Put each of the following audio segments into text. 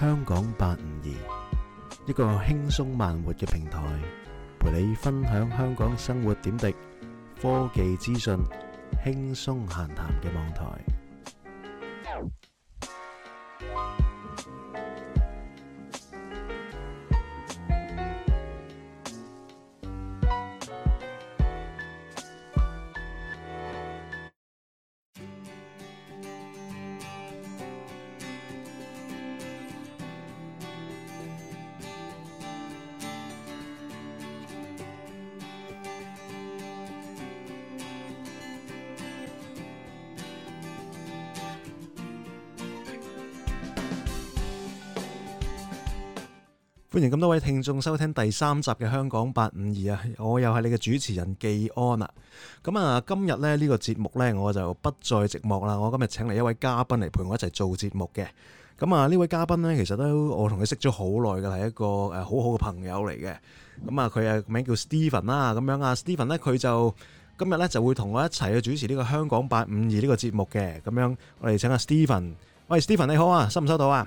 香港八五二，一個輕鬆慢活嘅平台，陪你分享香港生活點滴、科技資訊、輕鬆閒談嘅網台。聽眾收聽第三集嘅香港八五二啊，我又係你嘅主持人紀安啊。咁啊，今日咧呢個節目咧我就不再寂寞啦。我今日請嚟一位嘉賓嚟陪我一齊做節目嘅。咁啊，呢位嘉賓咧其實都我同佢識咗好耐嘅，係一個誒好好嘅朋友嚟嘅。咁啊，佢啊名叫 Stephen 啦。咁樣啊 Stephen 咧佢就今日咧就會同我一齊去主持呢個香港八五二呢個節目嘅。咁樣我哋請阿 Stephen，喂 Stephen 你好啊，收唔收到啊？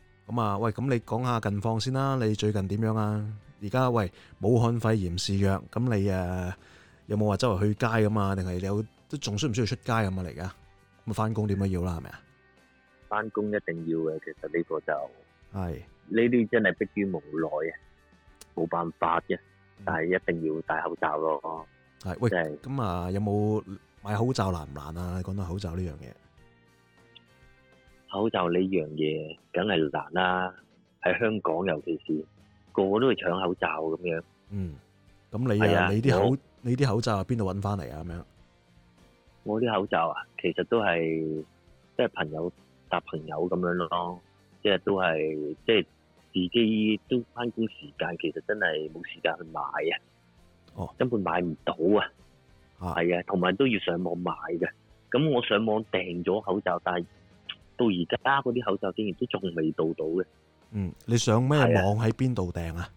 咁啊，喂，咁你講下近況先啦。你最近點樣啊？而家喂，武漢肺炎肆虐，咁你誒有冇話周圍去街咁啊？定係你有都仲需唔需要出街咁啊？嚟而家咁翻工點樣要啦，係咪啊？翻工一定要嘅，其實呢個就係呢啲真係迫於無奈啊，冇辦法嘅。但係一定要戴口罩咯。係，喂，咁啊，有冇買口罩難唔難啊？講到口罩呢樣嘢。口罩呢樣嘢，梗係難啦。喺香港，尤其是個個都會搶口罩咁樣。嗯，咁你啊，係啊你啲口，你啲口罩喺邊度搵翻嚟啊？咁樣。我啲口罩啊，其實都係即係朋友搭朋友咁樣咯，即係都係即係自己都翻工時間，其實真係冇時間去買啊。哦，根本買唔到啊。啊，係啊，同埋都要上網買嘅。咁我上網訂咗口罩，但係。到而家嗰啲口罩竟然都仲未到到嘅，嗯，你上咩網喺邊度訂啊？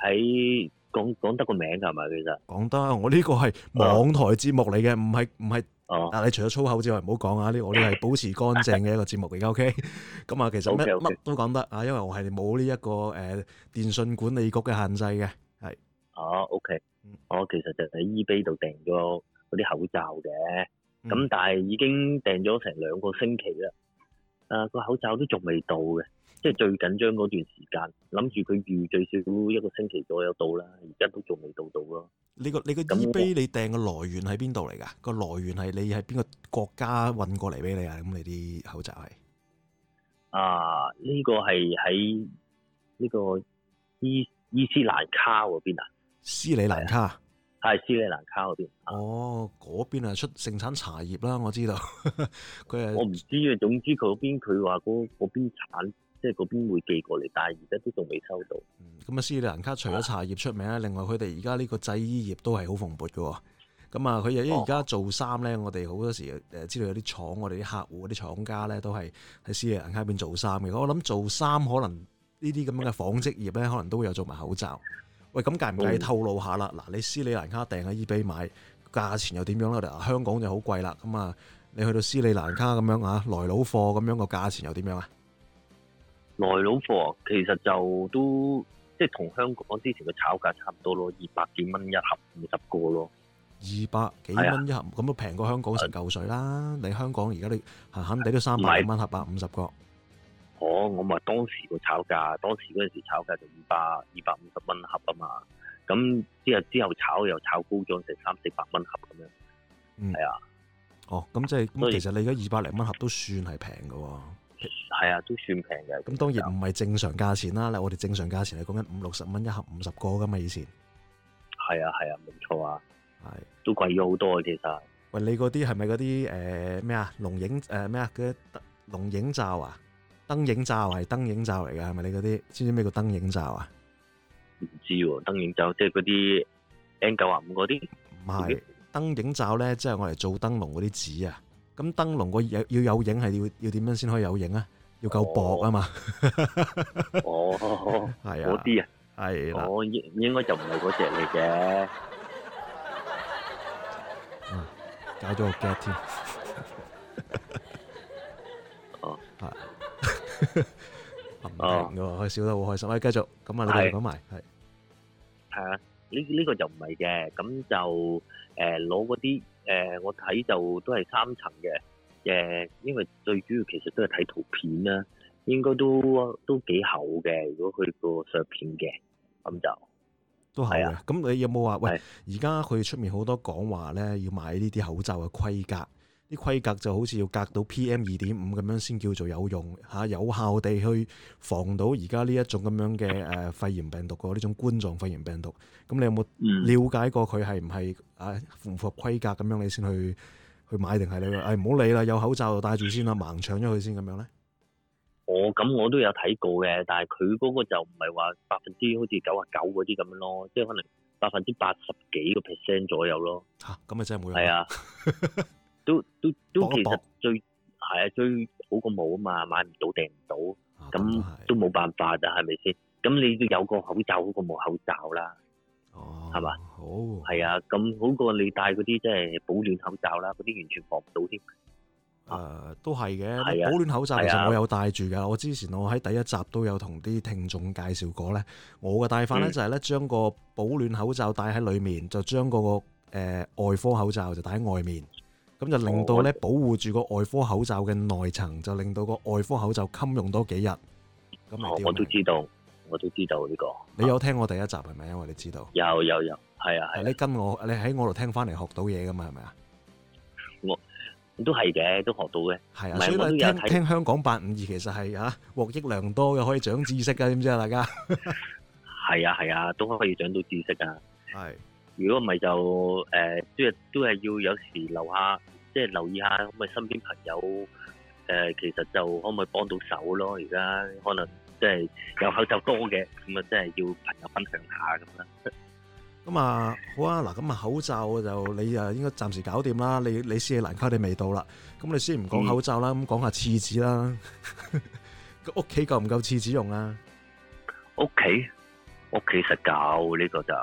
喺講講得個名噶係咪？其實講得，我呢個係網台節目嚟嘅，唔係唔係，但你除咗粗口之外唔好講啊！呢我呢係保持乾淨嘅一個節目嚟噶，O K。咁啊，其實乜乜都講得啊，因為我係冇呢一個誒電信管理局嘅限制嘅，係。哦，O K。我其實就喺 eBay 度訂咗嗰啲口罩嘅。咁、嗯、但係已經訂咗成兩個星期啦，啊，個口罩都仲未到嘅。即係最緊張嗰段時間，諗住佢預最少一個星期左右到啦，而家都仲未到到咯。你個你個依杯你訂嘅來源喺邊度嚟噶？個、嗯、來源係你係邊個國家運過嚟俾你啊？咁你啲口罩係啊？呢、這個係喺呢個伊斯蘭卡嗰邊啊？斯里蘭卡。係斯里蘭卡嗰邊，哦，嗰邊啊，出盛產茶葉啦，我知道。佢 我唔知啊，總之嗰邊佢話嗰嗰邊產，即係嗰邊會寄過嚟，但係而家都仲未收到。咁、嗯、啊斯里蘭卡除咗茶葉出名啊，另外佢哋而家呢個製衣業都係好蓬勃嘅。咁啊，佢又因為而家做衫咧，我哋好多時誒知道有啲廠，我哋啲客戶啲廠家咧都係喺斯里蘭卡邊做衫嘅。我諗做衫可能呢啲咁樣嘅紡織業咧，可能都會有做埋口罩。喂，咁介唔介意透露下啦？嗱，你斯里蘭卡訂喺 eBay 買，價錢又點樣啦？我哋香港就好貴啦。咁啊，你去到斯里蘭卡咁樣啊，來佬貨咁樣個價錢又點樣啊？來佬貨其實就都即係同香港之前嘅炒價差唔多咯，二百幾蚊一盒五十個咯，二百幾蚊一盒咁都平過香港成嚿水啦。你香港而家你閒閒哋都三百幾蚊盒百五十個。哦、我我咪當時個炒價，當時嗰陣時炒價就二百二百五十蚊盒啊嘛。咁之後之後炒又炒高咗成三四百蚊盒咁樣。嗯，係啊。哦，咁即係咁，其實你而家二百零蚊盒都算係平嘅喎。係啊，都算平嘅。咁當然唔係正常價錢啦。嗱、啊，我哋正常價錢係講緊五六十蚊一盒五十個噶嘛。以前。係啊，係啊，冇錯啊。係、啊、都貴咗好多啊。其實。喂，你嗰啲係咪嗰啲誒咩啊？龍影誒咩啊？嗰、呃、啲龍影罩啊？燈影罩係燈影罩嚟嘅，係咪？你嗰啲知唔知咩叫燈影罩啊？唔知喎，燈影罩即係嗰啲 N 九啊五嗰啲。唔係，燈影罩咧，即係我嚟做燈籠嗰啲紙啊。咁燈籠個要要有影，係要要點樣先可以有影啊？要夠薄啊嘛。哦，係啊，嗰啲啊，係啦，我應該就唔係嗰隻嚟嘅。嗯，搞咗個 gap 添。哦，係。唔 停嘅，好、啊、笑得好開心。喂，繼續，咁啊，你講埋，係係啊，呢、這、呢個就唔係嘅，咁就誒，攞嗰啲誒，我睇就都係三層嘅，誒、呃，因為最主要其實都係睇圖片啦，應該都都幾厚嘅。如果佢個削片嘅，咁就都厚。咁你有冇話喂，而家佢出面好多講話咧，要買呢啲口罩嘅規格？啲規格就好似要隔到 PM 二點五咁樣先叫做有用嚇、啊，有效地去防到而家呢一種咁樣嘅誒肺炎病毒，個呢種冠狀肺炎病毒。咁你有冇了解過佢係唔係啊符合規格咁樣你先去去買，定係你誒唔好理啦，有口罩就戴住先啦，盲搶咗佢先咁樣咧？哦、我咁我都有睇過嘅，但係佢嗰個就唔係話百分之好似九啊九嗰啲咁樣咯，即係可能百分之八十幾個 percent 左右咯。嚇！咁咪真係冇用啦。係啊。 都都都，其實最係啊，最好過冇啊嘛。買唔到，訂唔到，咁都冇辦法噶，係咪先？咁你都有個口罩，好過冇口罩啦，係嘛？好係啊，咁好過你戴嗰啲即係保暖口罩啦，嗰啲完全防唔到添。誒，都係嘅保暖口罩，其實我有戴住噶。我之前我喺第一集都有同啲聽眾介紹過咧。我嘅戴法咧就係咧，將個保暖口罩戴喺裏面，就將個誒外科口罩就戴喺外面。咁就令到咧保護住個外科口罩嘅內層，就令到個外科口罩襟用多幾日。咁啊，我都知道，我都知道呢個。你有聽我第一集係咪？因為你知道。有有有，係啊係啊。你跟我，你喺我度聽翻嚟學到嘢噶嘛？係咪啊？我都係嘅，都學到嘅。係啊，所以聽聽香港八五二，其實係啊，獲益良多嘅，可以長知識啊，知唔知啊？大家。係啊係啊，都可以長到知識啊。係。如果唔係就誒，即係都係要有時留下，即係留意下咁啊，身邊朋友誒，其實就可唔可以幫到手咯？而家可能即係有口罩多嘅，咁啊，真係要朋友分享下咁啦。咁啊，好啊，嗱，咁啊，口罩就你啊，應該暫時搞掂啦。你你先嘅蘭卡你未到啦，咁你先唔講口罩啦，咁講下廁紙啦。咁屋企夠唔夠廁紙用啊？屋企屋企實夠呢個就。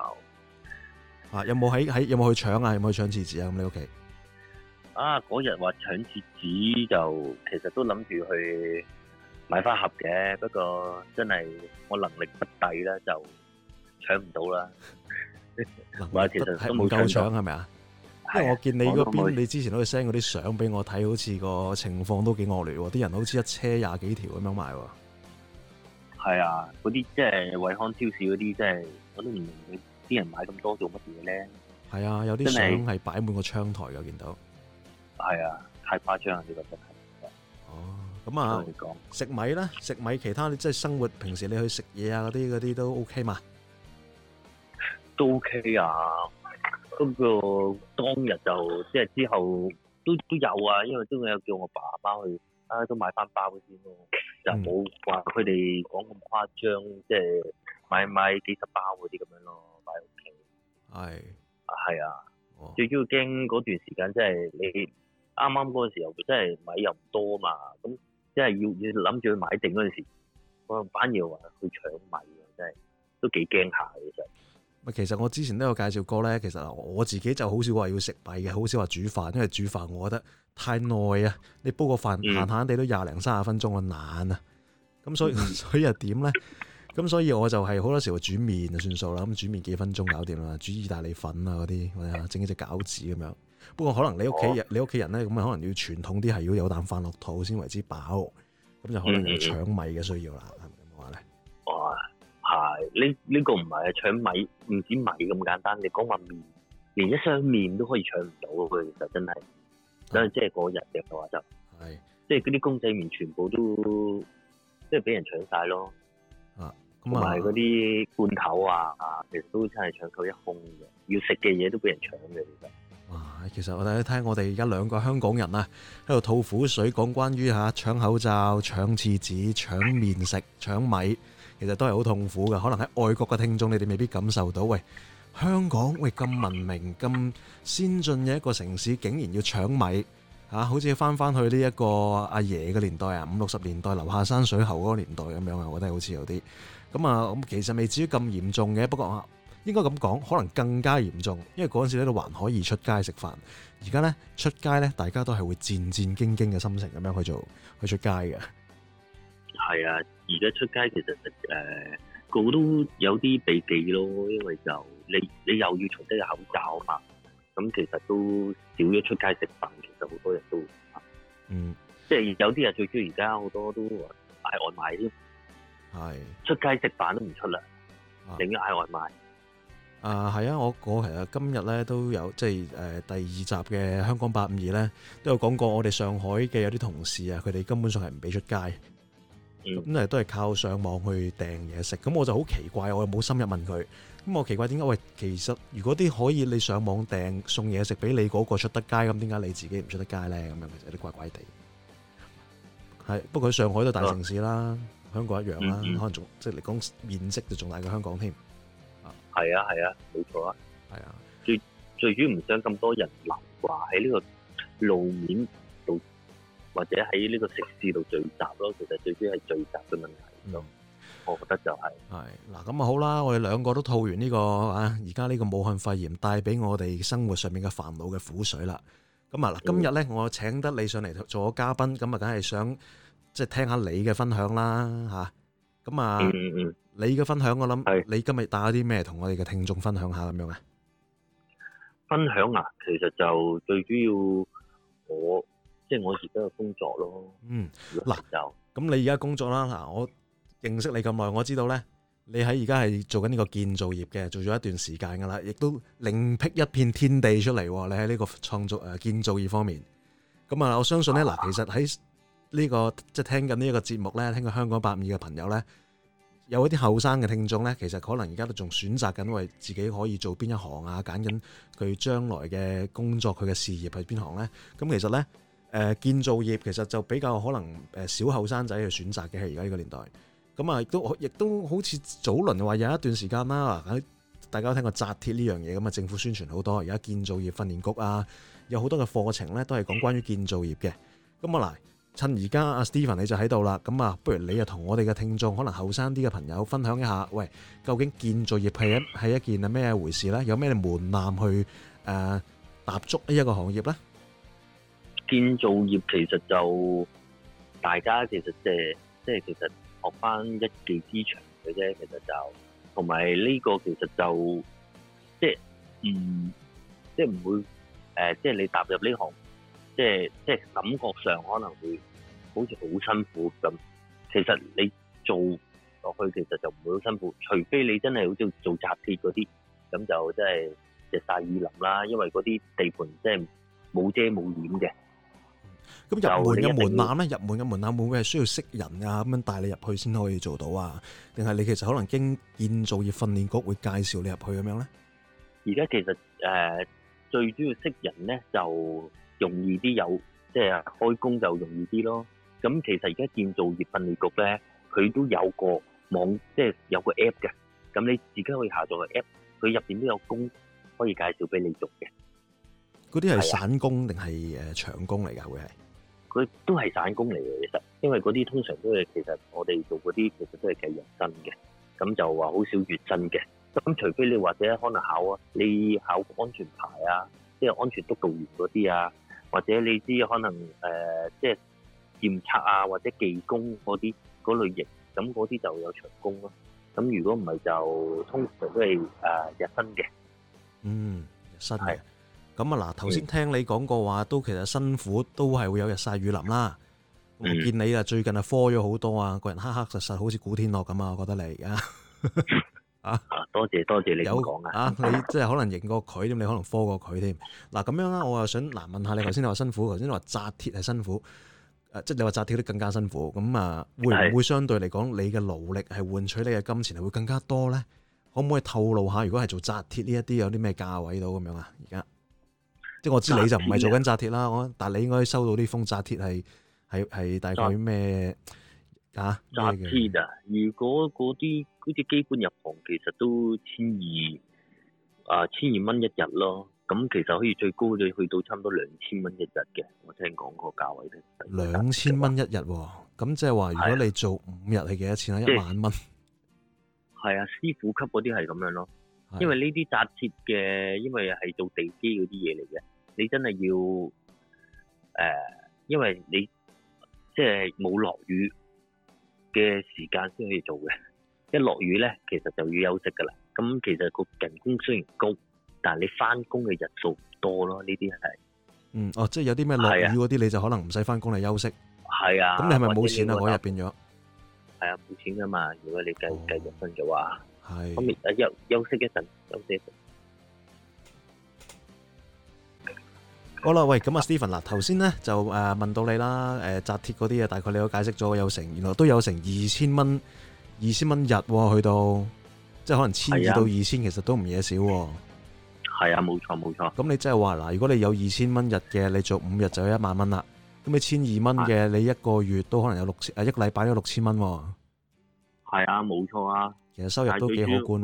啊！有冇喺喺有冇去搶啊？有冇去搶廁紙啊？咁你屋企？啊！嗰日話搶廁紙就其實都諗住去買翻盒嘅，不過真係我能力不抵啦，就搶唔到啦。係，其實都冇夠搶，係咪啊？因為我見你嗰邊，你之前都去 send 嗰啲相俾我睇，好似個情況都幾惡劣，啲人好似一車廿幾條咁樣買。係啊，嗰啲即係惠康超市嗰啲，即係我都唔明啲人買咁多做乜嘢咧？係啊，有啲相係擺滿個窗台㗎，見到係啊，太誇張啊，呢個真係，哦咁啊，你食米啦，食米其他你即係生活平時你去食嘢、OK OK、啊，嗰啲嗰啲都 O K 嘛？都 O K 啊。咁過當日就即係、就是、之後都都有啊，因為都有叫我爸爸去啊，都買翻包先咯，嗯，就冇話佢哋講咁誇張，即、就、係、是、買買幾十包嗰啲咁樣咯。係、啊，係、哦、啊，最主要驚嗰段時間，即、就、係、是、你啱啱嗰個時候，真係米又唔多嘛，咁即係要要諗住去買定嗰陣時，反我反而話去搶米，真係都幾驚下其實。其實我之前都有介紹過咧，其實我自己就好少話要食米嘅，好少話煮飯，因為煮飯我覺得太耐啊，你煲個飯閒閒地都廿零三十分鐘啊懶啊，咁所以、嗯、所以又點咧？咁所以我就係好多時候煮麵就算數啦。咁煮麵幾分鐘搞掂啦，煮意大利粉啊嗰啲，或者整一隻餃子咁樣。不過可能你屋企人，你屋企人咧咁啊，可能要傳統啲，係要有啖飯落肚先為之飽。咁就可能有搶米嘅需要啦，係咪咁話咧？哇，係呢呢個唔係啊！搶米唔止米咁簡單，你講話麵，連一箱麵都可以搶唔到佢，其實真係、嗯，因為即係嗰日嘅話就係，即係嗰啲公仔麪全部都即係俾人搶晒咯。同埋嗰啲罐頭啊啊，其實都真係搶購一空嘅，要食嘅嘢都俾人搶嘅。其實，哇，其實我哋一聽我哋而家兩個香港人啊，喺度吐苦水講關於嚇搶口罩、搶廁紙、搶麵食、搶米，其實都係好痛苦嘅。可能喺外國嘅聽眾，你哋未必感受到。喂，香港喂咁文明、咁先進嘅一個城市，竟然要搶米啊，好似返返去呢一個阿爺嘅年代啊，五六十年代留下山水後嗰個年代咁樣，我覺得好似有啲。咁啊，咁其實未至於咁嚴重嘅，不過啊，應該咁講，可能更加嚴重，因為嗰陣時喺度還可以出街食飯，而家咧出街咧大家都係會戰戰兢兢嘅心情咁樣去做去出街嘅。係啊，而家出街其實誒個個都有啲避忌咯，因為就你你又要除低個口罩啊嘛，咁其實都少咗出街食飯，其實好多人都嗯即人，即係有啲人最中意而家好多都買外賣添。係出街食飯都唔出啦，寧願嗌外賣。啊，係啊，我我其實今日咧都有即係誒第二集嘅香講八五二咧都有講過，我哋上海嘅有啲同事啊，佢哋根本上係唔俾出街，咁誒都係靠上網去訂嘢食。咁我就好奇怪，我又冇深入問佢。咁我奇怪點解？喂，其實如果啲可以你上網訂送嘢食俾你嗰個出得街，咁點解你自己唔出得街咧？咁樣其實有啲怪怪地。係不過喺上海都大城市啦。香港一樣啦，啊，mm -hmm. 可能仲即係嚟講面積就仲大過香港添。係啊係啊，冇，啊、錯啊，係啊。最最主要唔想咁多人留話喺呢個路面度，或者喺呢個城市度聚集咯。其實最主要係聚集嘅問題咯。Mm -hmm. 我覺得就係，是。係，嗱，咁啊好啦，我哋兩個都套完呢，這個啊，而家呢個武漢肺炎帶俾我哋生活上面嘅煩惱嘅苦水啦。咁啊啦，今日咧，mm -hmm. 我請得你上嚟做咗嘉賓，咁啊梗係想。即係聽下你嘅分享啦，吓咁啊！你嘅分享，我諗係你今日帶咗啲咩同我哋嘅聽眾分享下咁樣啊？分享啊，其實就最主要我即係我而家嘅工作咯。嗯，嗱，就咁你而家工作啦。嗱，我認識你咁耐，我知道咧，你喺而家係做緊呢個建造業嘅，做咗一段時間噶啦，亦都另闢一片天地出嚟。你喺呢個創造誒建造業方面，咁啊，我相信，咧嗱，其實喺呢個即係聽緊呢一個節目咧，聽過香港八五二嘅朋友咧，有一啲後生嘅聽眾咧，其實可能而家都仲選擇緊，為自己可以做邊一行啊？揀緊佢將來嘅工作，佢嘅事業係邊行咧？咁其實咧，誒建造業其實就比較可能誒少後生仔去選擇嘅，係而家呢個年代咁啊，亦都亦都好似早輪話有一段時間啦，大家都聽過紮鐵呢樣嘢咁啊，政府宣傳好多，而家建造業訓練局啊，有好多嘅課程咧，都係講關於建造業嘅咁啊，嗱。趁而家阿 Steven 你就喺度啦，咁啊，不如你又同我哋嘅聽眾，可能後生啲嘅朋友分享一下，喂，究竟建造業係一係一件係咩回事咧？有咩門檻去誒、呃、踏足呢一個行業咧？建造業其實就大家其實即係即係其實學翻一技之長嘅啫，其實就同埋呢個其實就即係唔即係唔會誒即係你踏入呢行。即係即係感覺上可能會好似好辛苦咁，其實你做落去其實就唔會好辛苦，除非你真係好中意做紮鐵嗰啲咁就真係日曬雨淋啦。因為嗰啲地盤即係冇遮冇掩嘅。咁、嗯、入門嘅門檻咧，入門嘅門檻會唔會係需要識人啊？咁樣帶你入去先可以做到啊？定係你其實可能經建造業訓練局會介紹你入去咁樣咧？而家其實誒、呃、最主要識人咧就，容易啲有，即係開工就容易啲咯。咁其實而家建造業訓練局咧，佢都有個網，即係有個 app 嘅。咁你自己可以下載個 app，佢入邊都有工可以介紹俾你做嘅。嗰啲係散工定係誒長工嚟噶？會係？佢都係散工嚟嘅，其實，因為嗰啲通常都係其實我哋做嗰啲，其實都係計日薪嘅。咁就話好少月薪嘅。咁除非你或者可能考啊，你考安全牌啊，即係安全督導員嗰啲啊。或者你知可能誒、呃，即係檢測啊，或者技工嗰啲嗰類型，咁嗰啲就有長工咯。咁如果唔係就通常都係誒、呃、日薪嘅。嗯，日薪嘅。咁啊嗱，頭、嗯、先聽你講過話，都其實辛苦，都係會有日曬雨淋啦。我、嗯、見你啊，最近啊，科咗好多啊，個人黑黑實實，好似古天樂咁啊，我覺得你而家。 啊！多謝多謝你有講嘅。啊，你即係可能認過佢添， 你可能科過佢添。嗱、啊、咁樣啦，我又想嗱、啊、問下你，頭先你話辛苦，頭先你話紮鐵係辛苦，誒、啊，即、就、係、是、你話紮鐵都更加辛苦。咁啊，會唔會相對嚟講，你嘅勞力係換取你嘅金錢係會更加多咧？可唔可以透露下？如果係做紮鐵呢一啲有啲咩價位到咁樣啊？而家即係我知你就唔係做緊紮鐵啦，我、啊、但係你應該收到啲風紮鐵係係係大概咩？紮、啊、鐵啊！如果嗰啲好似基本入行，其實都千二啊，千二蚊一日咯。咁其實可以最高就去到差唔多兩千蚊一日嘅。我聽講個價位咧，兩千蚊一日喎。咁即係話，如果你做五日，係幾多錢啊？一萬蚊。係啊，師傅級嗰啲係咁樣咯。因為呢啲紮鐵嘅，因為係做地基嗰啲嘢嚟嘅，你真係要誒、呃，因為你即係冇落雨。嘅時間先可以做嘅，一落雨咧，其實就要休息噶啦。咁其實個人工雖然高，但係你翻工嘅日數唔多咯，呢啲係。嗯，哦，即係有啲咩落雨嗰啲，你就可能唔使翻工嚟休息。係啊，咁你係咪冇錢啊？嗰日變咗。係啊，冇錢㗎嘛！如果你繼繼續瞓嘅話，係。咁咪啊，休休息一陣，休息一陣。好、oh，啦、嗯，喂，咁啊，Steven 嗱，頭先咧就誒問到你啦，誒紮鐵嗰啲嘢，大概你都解釋咗有成，原來都有成二千蚊，二千蚊日去到，即係可能千二到二千，其實都唔嘢少。係啊，冇錯冇錯。咁你即係話嗱，如果你有二千蚊日嘅，你做五日就有一萬蚊啦。咁你千二蚊嘅，你一個月都可能有六千，啊一個禮拜都有六千蚊。係啊，冇錯啊。其實收入都幾可觀。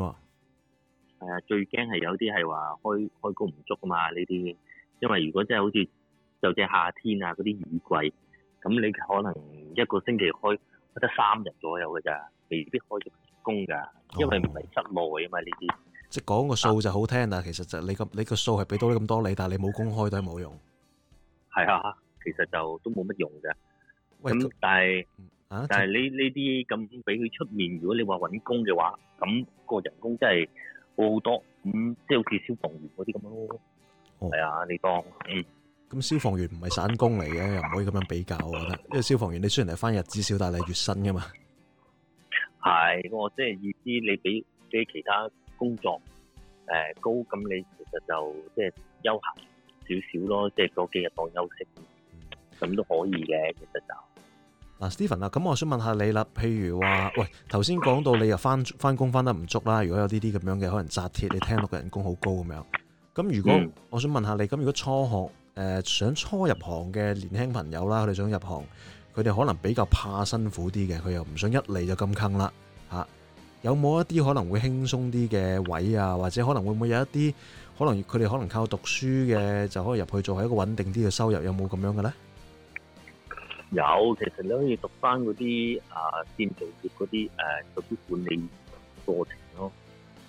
係啊，最驚係有啲係話開開工唔足啊嘛，呢啲。因為如果真係好似就只夏天啊，嗰啲雨季，咁你可能一個星期開開得三日左右嘅咋，未必開得工噶因為唔係室內啊嘛呢啲。即係講個數就好聽啦，其實就你咁你個數係俾到咁多你，但係你冇工開都係冇用。係啊，其實就都冇乜用嘅。喂但係但係呢呢啲咁俾佢出面，如果你話搵工嘅話，咁個人工真係好好多，咁即係好似消防員嗰啲咁咯。係啊，你當嗯咁消防員唔係散工嚟嘅，又唔可以咁樣比較我覺得。因為消防員你雖然係翻日子少，但係你月薪噶嘛。係我即係意思，你比比其他工作誒、呃、高，咁你其實就即係、就是、休閒少少咯，即係嗰幾日當休息，咁、嗯、都可以嘅。其實就嗱 Steven 啊，咁我想問下你啦，譬如話，喂，頭先講到你又翻翻工翻得唔足啦，如果有呢啲咁樣嘅可能紮鐵，你聽落嘅人工好高咁樣。咁如果、嗯，我想問下你，咁如果初學誒、呃、想初入行嘅年輕朋友啦，佢哋想入行，佢哋可能比較怕辛苦啲嘅，佢又唔想一嚟就咁坑啦吓，有冇一啲可能會輕鬆啲嘅位啊，或者可能會唔會有一啲可能佢哋可能靠讀書嘅就可以入去做，係一個穩定啲嘅收入，有冇咁樣嘅呢？有，其實你可以讀翻嗰啲啊，建造業嗰啲誒啲管理課程咯，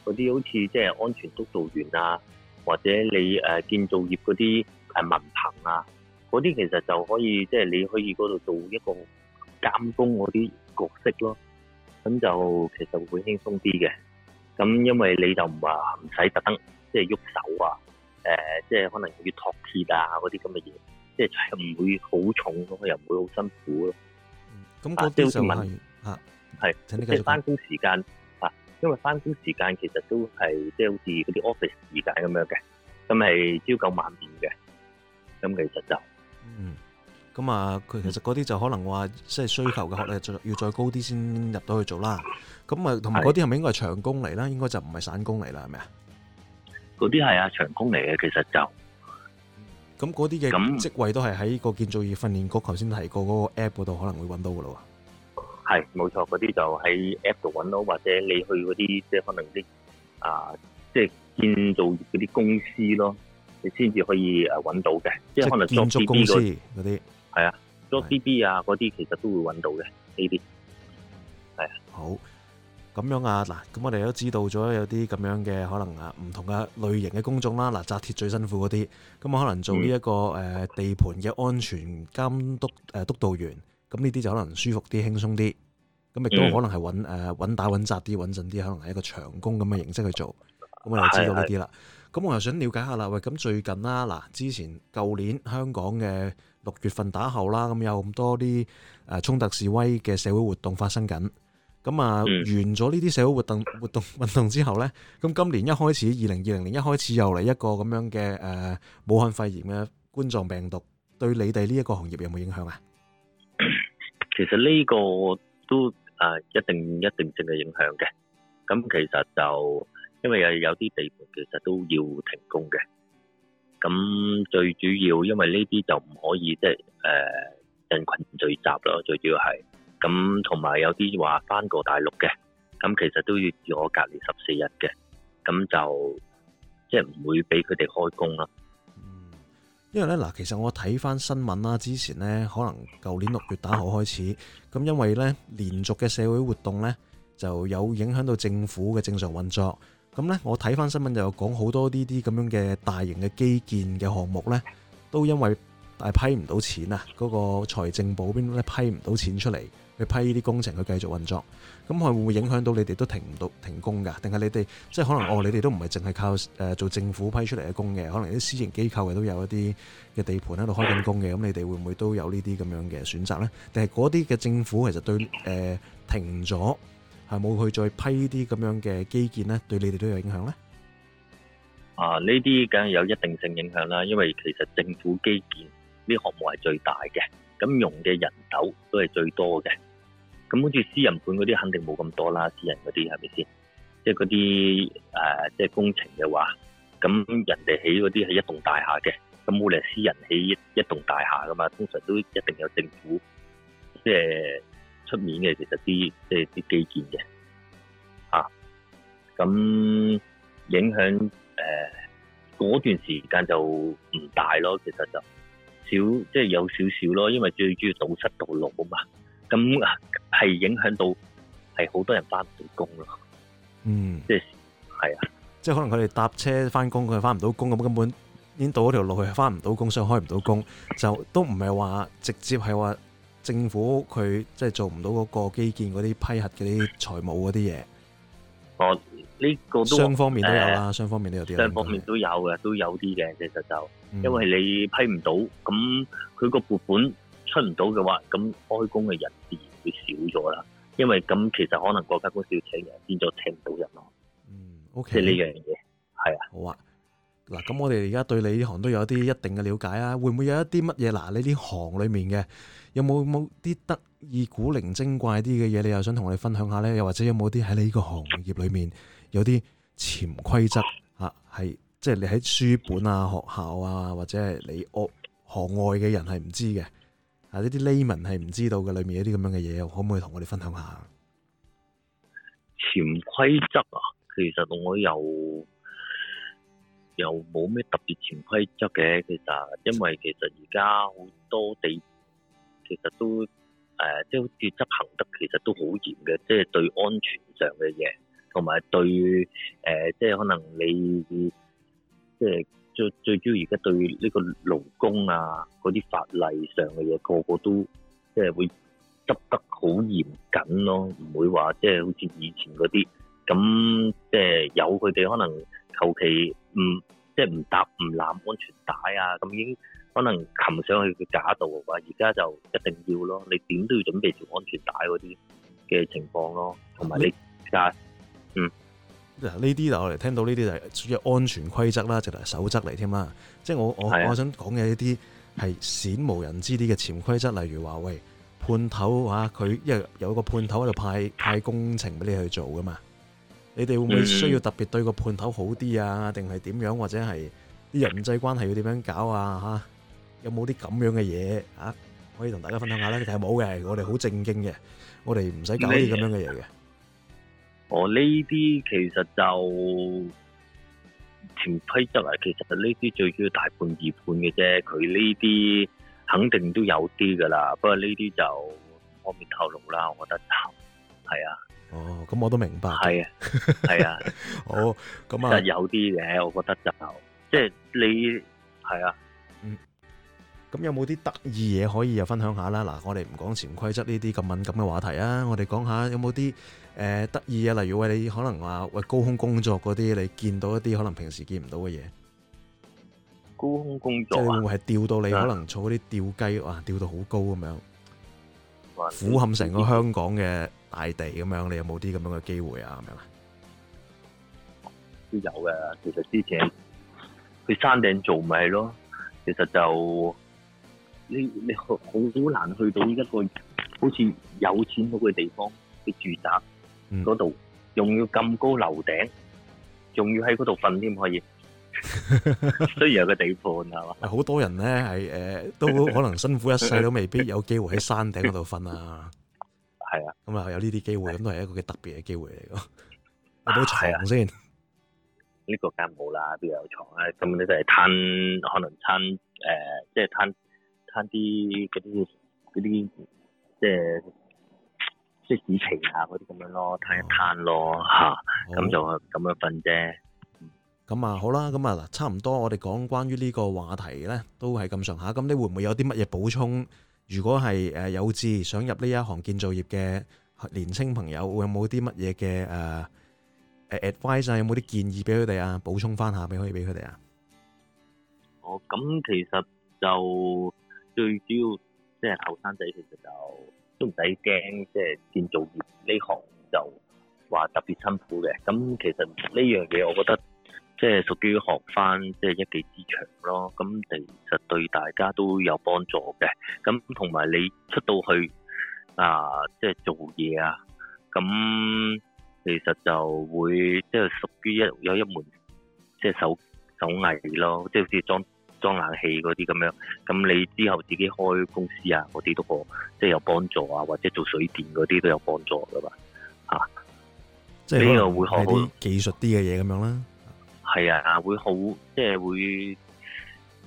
嗰啲好似即係安全督導員啊。或者你誒建造業嗰啲誒文憑啊，嗰啲其實就可以即係你可以嗰度做一個監工嗰啲角色咯。咁就其實會輕鬆啲嘅。咁因為你就唔話唔使特登即係喐手啊，誒即係可能要托鐵啊嗰啲咁嘅嘢，即係唔會好重咯，又唔會好辛苦咯。咁嗰啲就係啊，係即係翻工時間。因為翻工時間其實都係即係好似嗰啲 office 時間咁樣嘅，咁係朝九晚五嘅，咁其實就，嗯，咁啊，佢其實嗰啲就可能話即係需求嘅學歷要再高啲先入到去做啦，咁啊，同埋嗰啲係咪應該係長工嚟啦？應該就唔係散工嚟啦，係咪啊？嗰啲係啊，長工嚟嘅，其實就，咁嗰啲嘅職位都係喺個建造業訓練局頭先提過嗰個 app 嗰度可能會搵到噶啦喎。係冇錯，嗰啲就喺 app 度揾咯，或者你去嗰啲即係可能啲啊，即係建造業嗰啲公司咯，你先至可以誒揾到嘅，即係可能建築公司嗰啲，係啊，多 B B 啊嗰啲其實都會揾到嘅呢啲。係啊，好，咁樣啊嗱，咁我哋都知道咗有啲咁樣嘅可能啊，唔同嘅類型嘅工種啦，嗱紮鐵最辛苦嗰啲，咁我可能做呢一個誒地盤嘅安全監督誒督導員。咁呢啲就可能舒服啲、輕鬆啲，咁亦都可能係穩誒穩打穩紮啲、穩陣啲，可能係一個長工咁嘅形式去做。咁我又知道呢啲啦。咁我又想了解下啦。喂，咁最近啦，嗱，之前舊年香港嘅六月份打後啦，咁有咁多啲誒衝突示威嘅社會活動發生緊。咁啊，完咗呢啲社會活動活動運動之後呢，咁今年一開始二零二零年一開始又嚟一個咁樣嘅誒，武漢肺炎嘅冠狀病毒對你哋呢一個行業有冇影響啊？其實呢個都啊一定一定性嘅影響嘅，咁其實就因為有有啲地盤其實都要停工嘅。咁最主要因為呢啲就唔可以即係誒人群聚集咯，最主要係咁，同埋有啲話返過大陸嘅，咁其實都要自我隔離十四日嘅，咁就即係唔會俾佢哋開工啦。因為咧嗱，其實我睇翻新聞啦，之前呢，可能舊年六月打後開始，咁因為呢連續嘅社會活動呢，就有影響到政府嘅正常運作。咁呢，我睇翻新聞就有講好多呢啲咁樣嘅大型嘅基建嘅項目呢，都因為大批唔到錢啊，嗰、嗰個財政部邊咧批唔到錢出嚟。去批呢啲工程去繼續運作，咁係會唔會影響到你哋都停唔到停工㗎？定係你哋即係可能哦？你哋都唔係淨係靠誒做政府批出嚟嘅工嘅，可能啲私營機構亦都有一啲嘅地盤喺度開緊工嘅，咁你哋會唔會都有呢啲咁樣嘅選擇咧？定係嗰啲嘅政府其實對誒停咗係冇去再批啲咁樣嘅基建咧，對你哋都有影響咧？啊，呢啲梗係有一定性影響啦，因為其實政府基建呢項目係最大嘅，咁用嘅人手都係最多嘅。咁好似私人盤嗰啲肯定冇咁多啦，私人嗰啲係咪先？即係嗰啲誒，即係工程嘅話，咁人哋起嗰啲係一棟大廈嘅，咁冇理由私人起一棟大廈噶嘛，通常都一定有政府即係出面嘅，其實啲即係啲基建嘅嚇。咁影響誒嗰段時間就唔大咯，其實就少即係有少少咯，因為最主要堵塞道路啊嘛。咁係影響到係好多人翻唔到工咯，嗯，即係係啊，即係可能佢哋搭車翻工佢翻唔到工咁根本，已經到條路去翻唔到工，所以開唔到工，就都唔係話直接係話政府佢即係做唔到嗰個基建嗰啲批核嗰啲財務嗰啲嘢，哦，呢、這個都雙方面都有啦，雙方面都有啲、呃，雙方面都有嘅，都有啲嘅，其實就是嗯、因為你批唔到，咁佢個撥款。出唔到嘅話，咁開工嘅人自然會少咗啦。因為咁其實可能國家公司要請人，人，變咗請唔到人咯。嗯，OK，呢樣嘢，係啊，好啊。嗱，咁我哋而家對你呢行都有啲一,一定嘅了解啊。會唔會有一啲乜嘢嗱？你呢行裡面嘅有冇冇啲得意古靈精怪啲嘅嘢？你又想同我哋分享下呢？又或者有冇啲喺你呢個行業裡面有啲潛規則啊？係即係你喺書本啊、學校啊，或者係你外行外嘅人係唔知嘅？啊！呢啲 layman 係唔知道嘅，裏面一啲咁樣嘅嘢，可唔可以同我哋分享下？潛規則啊，其實我又又冇咩特別潛規則嘅。其實，因為其實而家好多地，其實都誒，即係好似執行得其實都好嚴嘅，即係對安全上嘅嘢，同埋對誒，即係可能你即係。最最主要而家對呢個勞工啊嗰啲法例上嘅嘢，個個都即係會執得好嚴謹咯，唔會話即係好似以前嗰啲咁，即係有佢哋可能求其唔即係唔搭唔攬安全帶啊，咁已經可能擒上去嘅架度話，而家就一定要咯，你點都要準備條安全帶嗰啲嘅情況咯，同埋你而家嗯，嗱，呢啲就我哋聽到呢啲就係主要安全規則啦，就係守則嚟添啦。即係我我我想講嘅一啲係鮮無人知啲嘅潛規則，例如話喂，判頭嚇佢因為有一個判頭喺度派派工程俾你去做噶嘛。你哋會唔會需要特別對個判頭好啲啊？定係點樣或者係啲人際關係要點樣搞啊？嚇，有冇啲咁樣嘅嘢嚇可以同大家分享下咧？係冇嘅，我哋好正經嘅，我哋唔使搞啲咁樣嘅嘢嘅。我呢啲其實就潛規則啊，其實呢啲最主要大判二判嘅啫，佢呢啲肯定都有啲噶啦，不過呢啲就唔方便透露啦。我覺得就係啊，哦，咁我都明白，係啊，係啊，好，咁啊，有啲嘅，我覺得就即係、就是、你係啊，嗯，咁有冇啲得意嘢可以又分享下啦？嗱，我哋唔講潛規則呢啲咁敏感嘅話題啊，我哋講下有冇啲。誒、呃、得意啊！例如喂你可能話高空工作嗰啲，你見到一啲可能平時見唔到嘅嘢。高空工作，啊、即係會係吊到你可能坐啲吊機，哇！吊到好高咁樣，俯瞰成個香港嘅大地咁樣。你有冇啲咁樣嘅機會啊？咁都有嘅。其實之前去山頂做咪咯。其實就你你好好難去到一，這，家個好似有錢嗰嘅地方嘅住宅。嗰度，仲要咁高樓頂，仲要喺嗰度瞓添，可以，雖然有個地盤係嘛，係好多人咧，係誒，都可能辛苦一世都未必有機會喺山頂嗰度瞓啊。係啊，咁啊有呢啲機會，咁都係一個嘅特別嘅機會嚟噶。有冇床先？呢個間冇啦，邊有床咧？咁你就係攤，可能攤誒，即係攤攤啲嗰啲嗰啲即係。即事情，哦、啊，嗰啲咁樣咯，攤一攤咯嚇，咁就咁樣瞓啫。咁啊，好啦，咁啊嗱，差唔多，我哋講關於呢個話題咧，都係咁上下。咁你會唔會有啲乜嘢補充？如果係誒有志想入呢一行建造業嘅年輕朋友，會會有冇啲乜嘢嘅誒誒 advice 有冇啲建議俾佢哋啊？補充翻下，可以俾佢哋啊？哦，咁其實就最主要，即係後生仔，其實就。都唔使驚，即係建造業呢行就話特別辛苦嘅。咁其實呢樣嘢，我覺得即係屬於學返，即係一技之長咯。咁其實對大家都有幫助嘅。咁同埋你出到去啊，即係做嘢啊，咁其實就會即係屬於一有一門即係手手藝咯。即係好似裝裝冷氣嗰啲咁樣，咁你之後自己開公司啊，嗰啲都好，即係有幫助啊，或者做水電嗰啲都有幫助噶嘛，吓、啊，你又會學好技術啲嘅嘢咁樣啦，係啊，啊，會好即係會，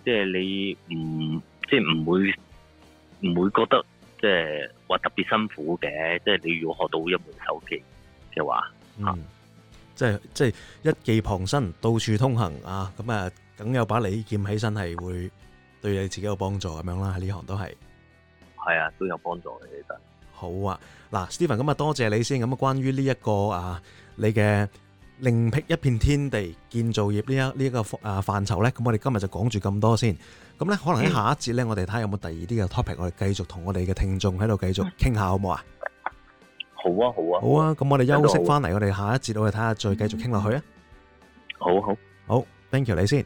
即係你唔即係唔會唔會覺得即係話特別辛苦嘅，即係你如果學到一門手藝嘅話，啊，嗯，即係即係一技傍身，到處通行啊，咁啊。梗有把利劍起身係會對你自己有幫助咁樣啦，喺呢行都係，係啊，都有幫助嘅。其實好啊，嗱，Steven 咁啊，多謝你先。咁啊，關於呢一個啊，你嘅另辟一片天地建造業呢一呢一個啊範疇咧，咁我哋今日就講住咁多先。咁咧，可能喺下一節咧，我哋睇下有冇第二啲嘅 topic，我哋繼續同我哋嘅聽眾喺度繼續傾下，好唔好啊？好啊，好啊，好啊。咁我哋休息翻嚟，我哋下一節我哋睇下再繼續傾落去啊。好好好，thank you 你先。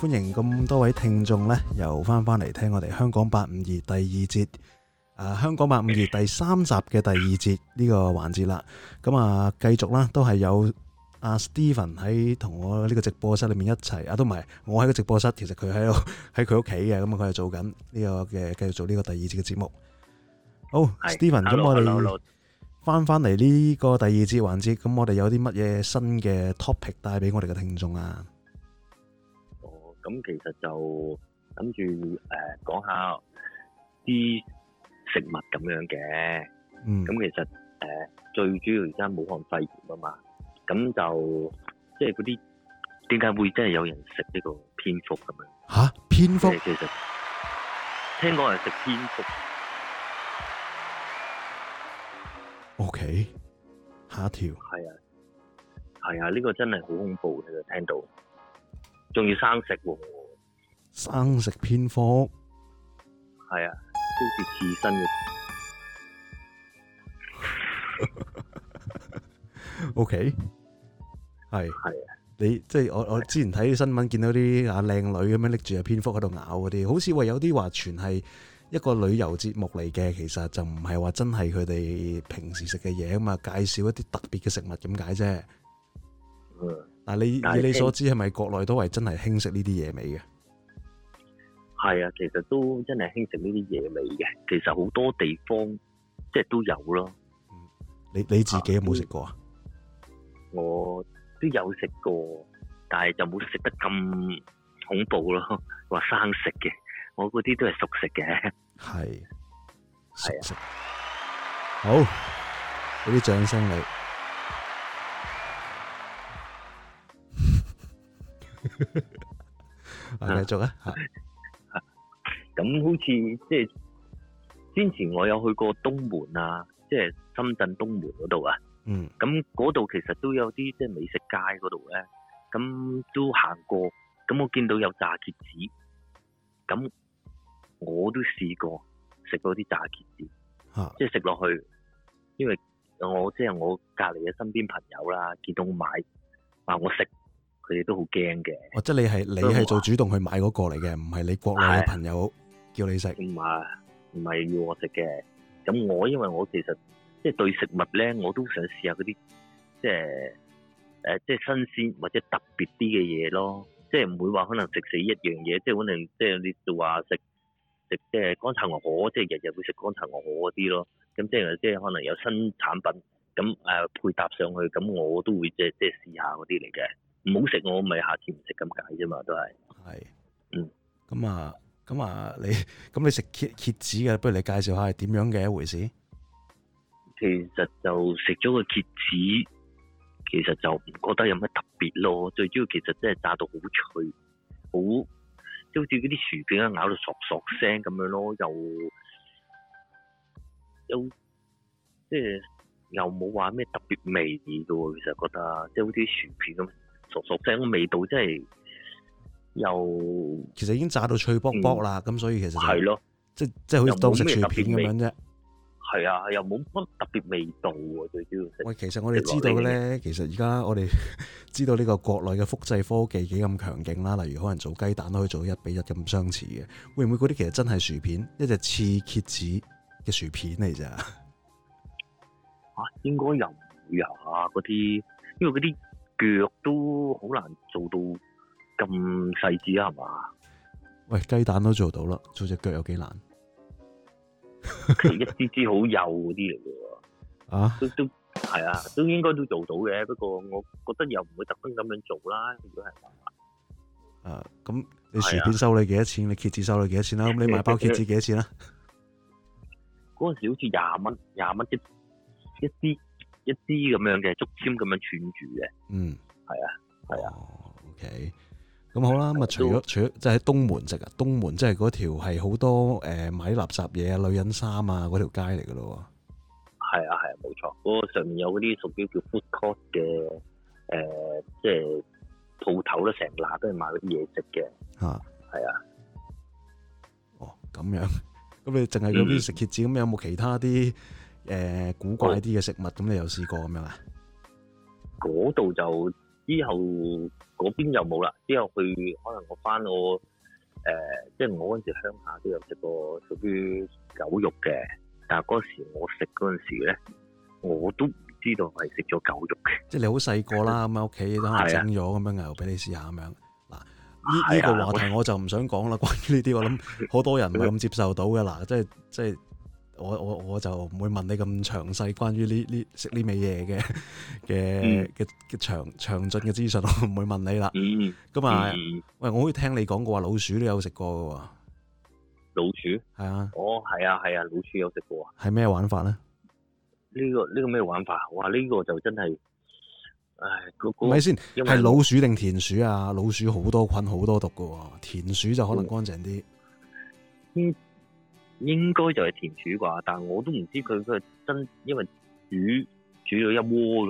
歡迎咁多位聽眾呢，又翻返嚟聽我哋香港八五二第二節，誒、啊，香港八五二第三集嘅第二節呢個環節啦。咁啊，繼續啦，都係有阿、啊、Steven 喺，同我呢個直播室裏面一齊。啊，都唔係，我喺個直播室，其實佢喺度，喺佢屋企嘅，咁佢係做緊呢、呢個嘅，繼續做呢個第二節嘅節目。好，Steven，咁我哋翻翻嚟呢個第二節環節，咁我哋有啲乜嘢新嘅 topic 帶俾我哋嘅聽眾啊？咁其實就諗住誒講下啲食物咁樣嘅，嗯，咁其實誒、呃、最主要而家武漢肺炎啊嘛，咁就即係嗰啲點解會真係有人食呢個蝙蝠咁樣？吓，蝙蝠其實聽講係食蝙蝠。O、okay, K，下條係啊，係啊，呢、這個真係好恐怖你嘅，聽到。仲要生食喎、啊，生食蝙蝠，係啊，都、就是刺身嘅。OK，係係，你即係、就是、我我之前睇新聞見到啲啊靚女咁樣拎住個蝙蝠喺度咬嗰啲，好似話有啲話全係一個旅遊節目嚟嘅，其實就唔係話真係佢哋平時食嘅嘢啊嘛，介紹一啲特別嘅食物咁解啫。嗯。嗱，你以你所知係咪國內都係真係興食呢啲野味嘅？係啊，其實都真係興食呢啲野味嘅。其實好多地方即係都有咯。你你自己有冇食過啊？我都有食過，但係就冇食得咁恐怖咯。話生食嘅，我嗰啲都係熟食嘅。係，熟食。係啊，好俾啲掌聲你。繼 續啊，咁、啊、好似即係之前我有去過東門啊，即、就、係、是、深圳東門嗰度啊，嗯，咁嗰度其實都有啲即係美食街嗰度咧，咁都行過，咁我見到有炸茄子，咁我都試過食過啲炸茄子，即係食落去，因為我即係、就是、我隔籬嘅身邊朋友啦，見到我買，話我食。佢哋都好驚嘅，或、哦、者你係你係做主動去買嗰個嚟嘅。唔係你國內嘅朋友叫你食，唔係唔係要我食嘅。咁我因為我其實即係、就是、對食物咧，我都想試下嗰啲即係誒，即係、呃、新鮮或者特別啲嘅嘢咯。即係唔會話可能食死一樣嘢，即係可能即係你就話食食即係乾柴硬火乾炒牛河，即係日日會食乾炒牛河嗰啲咯。咁即係即係可能有新產品咁誒、呃、配搭上去，咁我都會即係即係試下嗰啲嚟嘅。唔好食我咪下次唔食咁解啫嘛，都係係，嗯，咁啊，咁啊，你咁你食蠍蠍子嘅，不如你介紹下係點樣嘅一回事。其實就食咗個蠍子，其實就唔覺得有乜特別咯。最主要其實真係炸到好脆，好即係好似嗰啲薯片咁咬到嗦嗦聲咁樣咯，又又即係又冇話咩特別味嘢嘅喎。其實覺得即係好似啲薯片咁。熟熟聲個味道真係，即係又其實已經炸到脆卜卜啦，咁、嗯、所以其實係咯，即係即係好似當食薯片咁樣啫。係啊，又冇乜特別味道，最主要。喂，其實我哋知道咧，其實而家我哋知道呢個國內嘅複製科技幾咁強勁啦。例如可能做雞蛋都可以做一比一咁相似嘅，會唔會嗰啲其實真係薯片，一隻似蠍子嘅薯片嚟咋？吓，應該又唔會啊！啲因為啲。腳都好難做到咁細緻啊，係嘛？喂，雞蛋都做到啦，做隻腳有幾難？一啲啲好幼嗰啲嚟嘅喎。啊？都都係啊，都應該都做到嘅。不過我覺得又唔會特登咁樣做啦。如果係話，咁你薯片收你幾多錢？你茄子收你幾多錢啦？咁你買包茄子幾多錢啦？嗰陣時好似廿蚊，廿蚊一一支。一啲咁樣嘅竹簽咁樣串住嘅，嗯，係啊，係啊，OK，咁好啦。咁啊，哦 okay. 除咗除，即係喺東門食啊，東門即係嗰條係好多誒、呃、買垃圾嘢啊，女人衫啊嗰條街嚟噶咯。係啊，係啊，冇錯、啊。嗰、那個上面有嗰啲屬於叫叫 food court 嘅誒、呃，即係鋪頭啦，成罅都係賣嗰啲嘢食嘅。吓、啊，係啊。哦，咁樣，咁你淨係嗰邊食蠍子，咁、嗯、有冇其他啲？誒，古怪啲嘅食物，咁你有試過咁樣啊？嗰度就之後嗰邊就冇啦。之後去可能我翻我誒、呃，即係我嗰陣時鄉下都有食過屬於狗肉嘅，但係嗰時我食嗰陣時咧，我都唔知道係食咗狗肉嘅。即係你好細個啦，咁喺屋企可能整咗咁樣，又俾你試下咁樣。嗱，呢個話題我就唔想講啦。啊、關於呢啲，我諗好多人唔係咁接受到嘅。嗱， 即係即係。我我我就唔會問你咁詳細，關於呢呢食呢味嘢嘅嘅嘅嘅詳詳盡嘅資訊，我唔會問你啦。咁、嗯、啊、嗯，喂，我好似聽你講過話，老鼠都有食過噶。老鼠係啊，哦，係啊，係啊，啊，老鼠有食過啊。係咩玩法咧？呢、這個呢、這個咩玩法？哇！呢、這個就真係，唉，嗰嗰。咪先，係老鼠定田鼠啊？老鼠好多菌好多毒噶，田鼠就可能乾淨啲。嗯。應該就係田鼠啩，但係我都唔知佢佢係真，因為煮煮咗一窩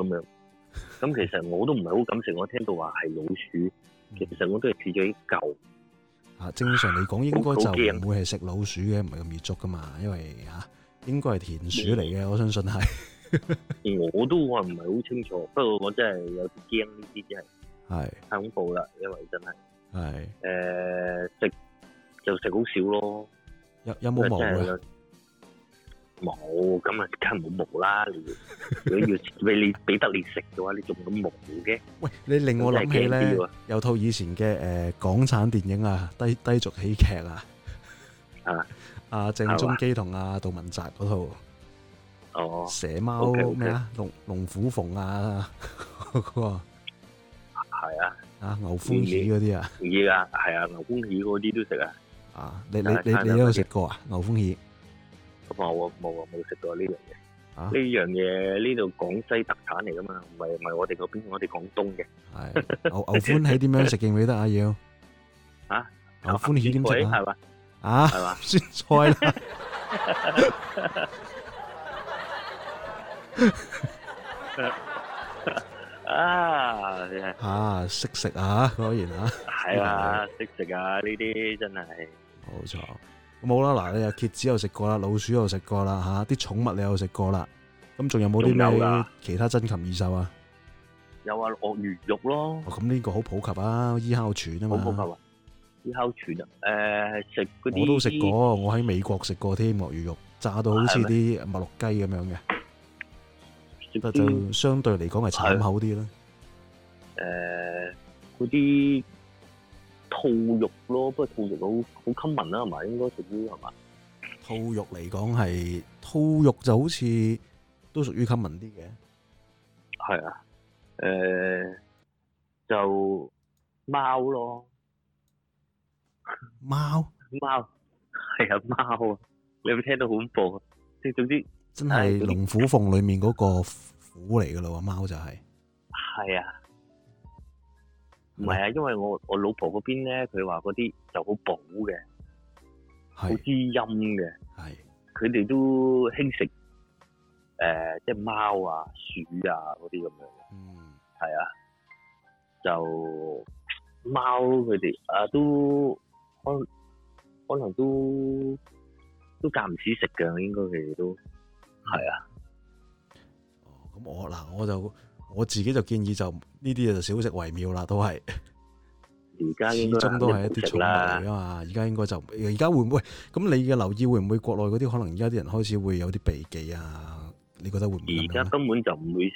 咁樣，咁其實我都唔係好敢食。我聽到話係老鼠，其實我都係住咗啲舊。吓、嗯啊，正常嚟講應該就唔會係食老鼠嘅，唔係咁易捉㗎嘛。因為吓、啊，應該係田鼠嚟嘅，嗯，我相信係。我都話唔係好清楚， 不過我真係有啲驚呢啲真係。係太恐怖啦，因為真係。係誒食就食好少咯。有冇毛啊？冇，咁啊，梗係冇毛啦！如果要俾你俾得你食嘅話，你仲咁毛嘅？喂，你令、啊、我諗起咧，有套以前嘅誒、呃、港產電影啊，低低俗喜劇啊，啊啊鄭中基同阿杜汶澤嗰套哦，蛇貓咩啊？龍龍虎鳳啊嗰個係啊啊牛歡喜嗰啲啊，啊係啊、嗯嗯嗯嗯嗯嗯嗯、啊，啊，牛歡喜嗰啲都食啊。啊！你你你你都有食過啊？牛歡喜，冇啊冇啊冇食過呢樣嘢。呢樣嘢呢度廣西特產嚟噶嘛？唔係唔係我哋嗰邊，我哋廣東嘅。係牛牛歡喜點樣食先會得啊？要啊！牛歡喜點食啊？啊係嘛？酸菜啦！啊啊識食啊，果然啊，係啊識食啊，呢啲真係。冇錯，冇啦，嗱，你啊，蠍子又食過啦，老鼠又食過啦，吓，啲寵物你又食過啦，咁仲有冇啲咩其他珍禽異獸啊？有啊，鱷魚肉咯。咁、哦、呢個好普及啊，燒烤串啊嘛。好普及啊，燒烤串啊。誒，食嗰啲。我都食過，我喺美國食過添，鱷魚肉炸到好似啲麥樂雞咁樣嘅，但係就相對嚟講係慘口啲啦。誒、呃，嗰啲。兔肉咯，不過兔肉好好 common 啦，係咪？應該屬於係咪？兔肉嚟講係，兔肉就好似都屬於 common 啲嘅。係啊，誒、呃，就貓咯。貓貓係啊，貓啊，你有冇聽到好恐怖？即係總之，真係龍虎鳳裏面嗰個虎嚟噶咯，貓就係、是。係啊。唔係啊，因為我我老婆嗰邊咧，佢話嗰啲就好補嘅，好滋陰嘅。係，佢哋都興食，誒、呃，即係貓啊、鼠啊嗰啲咁樣。嗯，係啊，就貓佢哋啊都可能可能都都間唔時食嘅，應該佢哋都係啊。哦，咁我嗱我就。我自己就建議就呢啲嘢就少食為妙啦，都係。而家始終都係一啲寵物啊嘛，而家應該就而家會唔會咁？那你嘅留意會唔會國內嗰啲可能而家啲人開始會有啲避忌啊？你覺得會唔會？而家根本就唔會，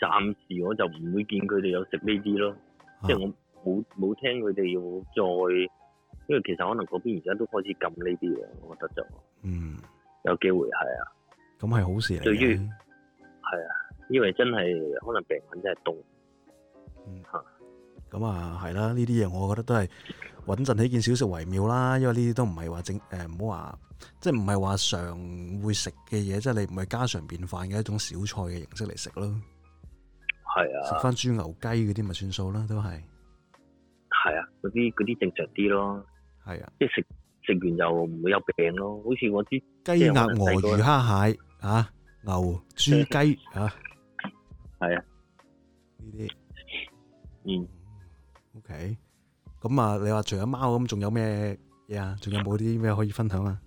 暫時我就唔會見佢哋有食呢啲咯。啊、即係我冇冇聽佢哋要再，因為其實可能嗰邊而家都開始禁呢啲嘢，我覺得就嗯有機會係啊，咁係好事嚟。對於係啊。因為真係可能病菌真係多，嗯嚇，咁啊係、啊、啦。呢啲嘢我覺得都係穩陣起見，少食為妙啦。因為呢啲都唔係話整誒，唔好話即係唔係話常會食嘅嘢，即係你唔係家常便飯嘅一種小菜嘅形式嚟食咯。係啊，食翻豬牛雞嗰啲咪算數啦，都係。係啊，嗰啲嗰啲正常啲咯。係啊，即係食食完就唔會有病咯。好似我知雞鴨鵝魚蝦蟹啊，啊，牛豬雞 啊。係啊，呢啲嗯，OK，咁啊，你話除咗貓咁，仲有咩嘢啊？仲有冇啲咩可以分享啊？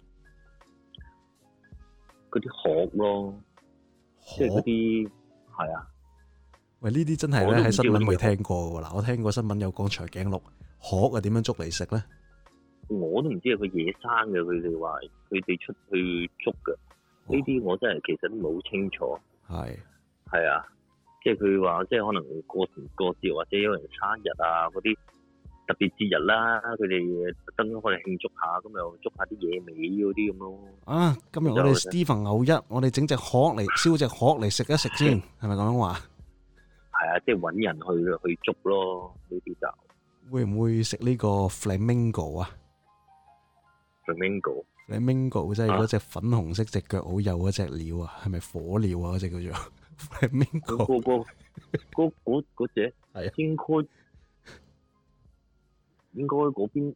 嗰啲鶴咯，鶴即係嗰啲係啊。喂，呢啲真係咧喺新聞未聽過噶嗱，我聽過新聞有講長頸鹿鶴啊，點樣捉嚟食咧？我都唔知啊，佢野生嘅，佢哋話佢哋出去捉噶。哦，呢啲我真係其實都冇清楚。係係啊。即係佢話，即係可能過時過節，或者有人生日啊，嗰啲特別節日啦，佢哋特登開嚟慶祝下，咁又捉下啲野味嗰啲咁咯。啊，今日我哋 Stephen 牛一，我哋整隻殼嚟燒隻殼嚟食一食先，係咪咁樣話？係啊，即係搵人去去捉咯，呢啲就。會唔會食呢個 Flamingo 啊？Flamingo，Flamingo 即係嗰隻粉紅色隻腳好幼嗰隻鳥啊，係咪火鳥啊？嗰隻叫做。係 Mingo，個個嗰嗰嗰隻，係啊，應該應該嗰邊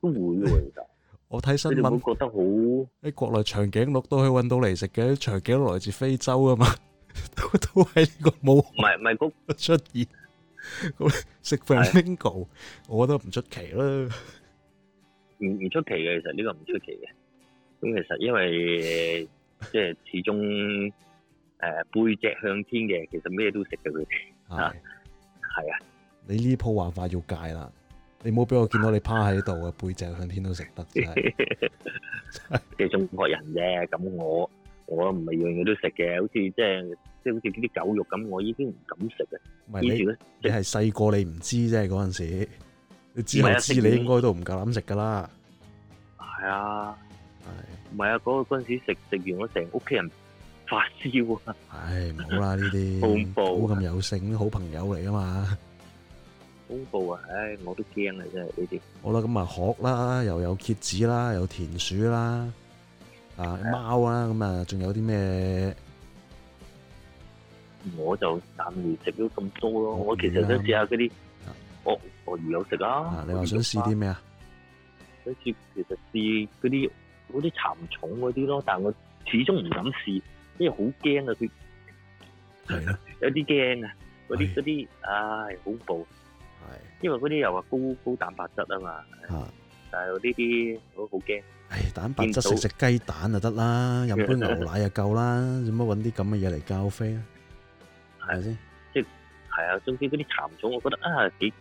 都會嘅其實。我睇新聞覺得好喺國內長頸鹿都可以搵到嚟食嘅，長頸鹿來自非洲啊嘛，都都係個冇，唔係唔係嗰個出現食飯 Mingo，我覺得唔出奇啦，唔唔出奇嘅，其實呢個唔出奇嘅，咁其實因為即係始終。誒，背脊向天嘅，其實咩都食嘅佢哋。係係啊，你呢鋪玩法要戒啦，你唔好俾我見到你趴喺度啊，背脊向天都食得嘅。中國人啫，咁我我唔係樣樣都食嘅，好似即係即係好似啲狗肉咁，我已經唔敢食嘅。唔係，你你係細個你唔知啫，嗰陣時你知唔知你應該都唔夠膽食噶啦？係啊，係。唔係啊，嗰個嗰陣時食食完我成屋企人。發燒啊！唉、哎，唔好啦呢啲，好恐怖，咁、啊、有性，好朋友嚟㗎嘛！恐怖啊！唉，我都驚啊！真係呢啲。好啦，咁啊，殼啦，又有蠍子啦，又田鼠啦，啊貓啦，咁啊，仲有啲咩？我就暫時食咗咁多咯、嗯。我其實想試下嗰啲鱷鱷魚有食啦、啊啊。你話想試啲咩啊？好似其實試嗰啲嗰啲蠶蟲嗰啲咯，但我始終唔敢試。因為好驚啊，佢係啊，有啲驚啊，嗰啲嗰啲，唉，恐怖，係，因為嗰啲又話高高蛋白質啊嘛，啊，但係呢啲我都好驚，唉，蛋白質食食雞蛋就得啦，飲杯牛奶就夠啦，做乜搵啲咁嘅嘢嚟交飛啊？係啊，先，即係係啊，總之嗰啲蠶蟲，我覺得啊幾。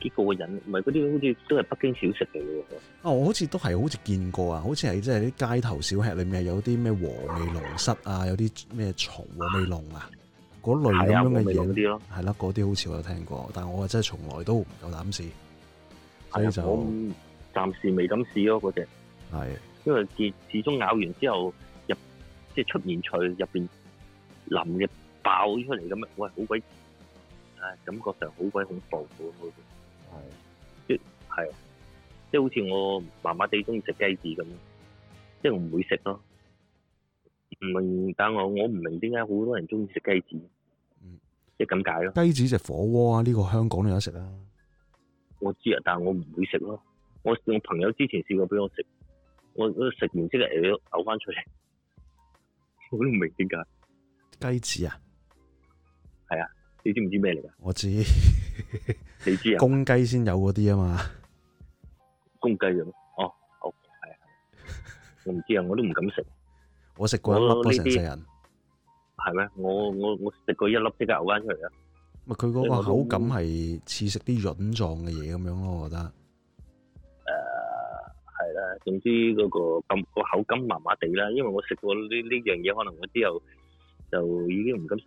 幾個人唔係嗰啲，好似都係北京小食嚟嘅。哦，我好似都係，好似見過啊，好似係即係啲街頭小吃裏面，有啲咩和味龍虱啊，有啲咩蟲和味龍啊，嗰類咁樣嘅嘢。係啊，嗰啲咯。係啦，嗰啲好似我有聽過，但我啊真係從來都唔夠膽試。所以就暫時未敢試咯，嗰隻。係。因為見始終咬完之後，入即係出面脆，入邊淋嘅爆出嚟咁樣，喂，好鬼！唉，感覺上好鬼恐怖。係，即係，即係好似我麻麻地中意食雞子咁，即係我唔會食咯，唔明，但我，我唔明點解好多人中意食雞子，嗯，即係咁解咯。雞子食火鍋啊，呢個香港都有得食啦。我知啊，但係我唔會食咯。我我朋友之前試過俾我食，我我食完即係嘔翻出嚟，我都唔明點解雞子啊，係啊。你知唔知咩嚟㗎？我知，你知啊？公雞先有嗰啲啊嘛，公雞嘅咩？哦，好，係啊，我唔知啊，我都唔敢食。我食過一粒，成世人係咩？我我我食過一粒，即刻嘔翻出嚟啊！咪佢嗰個口感係似食啲膶狀嘅嘢咁樣咯，我覺得。誒，係啦，總之嗰個咁個口感麻麻地啦，因為我食過呢呢樣嘢，可能我之後就已經唔敢食。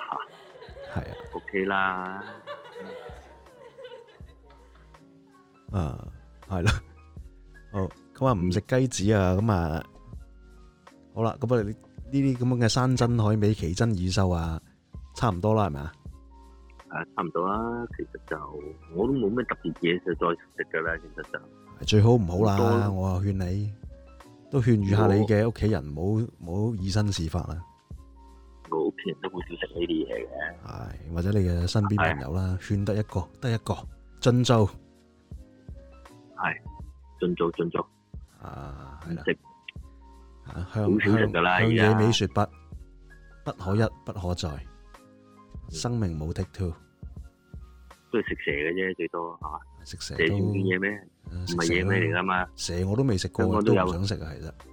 係啊，OK 啦，啊，係、okay、咯、 啊，好，咁啊，話唔食雞子啊，咁啊，好啦，咁我哋呢啲咁樣嘅山珍海味、奇珍異獸啊，差唔多啦，係咪啊？啊，差唔多啦，其實就我都冇咩特別嘢再食噶啦，其實就最好唔好啦，我勸你都勸住下你嘅屋企人，唔好唔好以身試法啦。普遍都好少食呢啲嘢嘅，係或者你嘅身邊朋友啦，勸得一個得一個，盡做係，盡做盡做啊，唔食，好少食噶啦，依家向野味說不，不可一不可再，生命冇 take two，都係食蛇嘅啫，最多吓食蛇都嘢咩？唔係野味嚟噶嘛？蛇我都未食過，都唔想食啊，其實。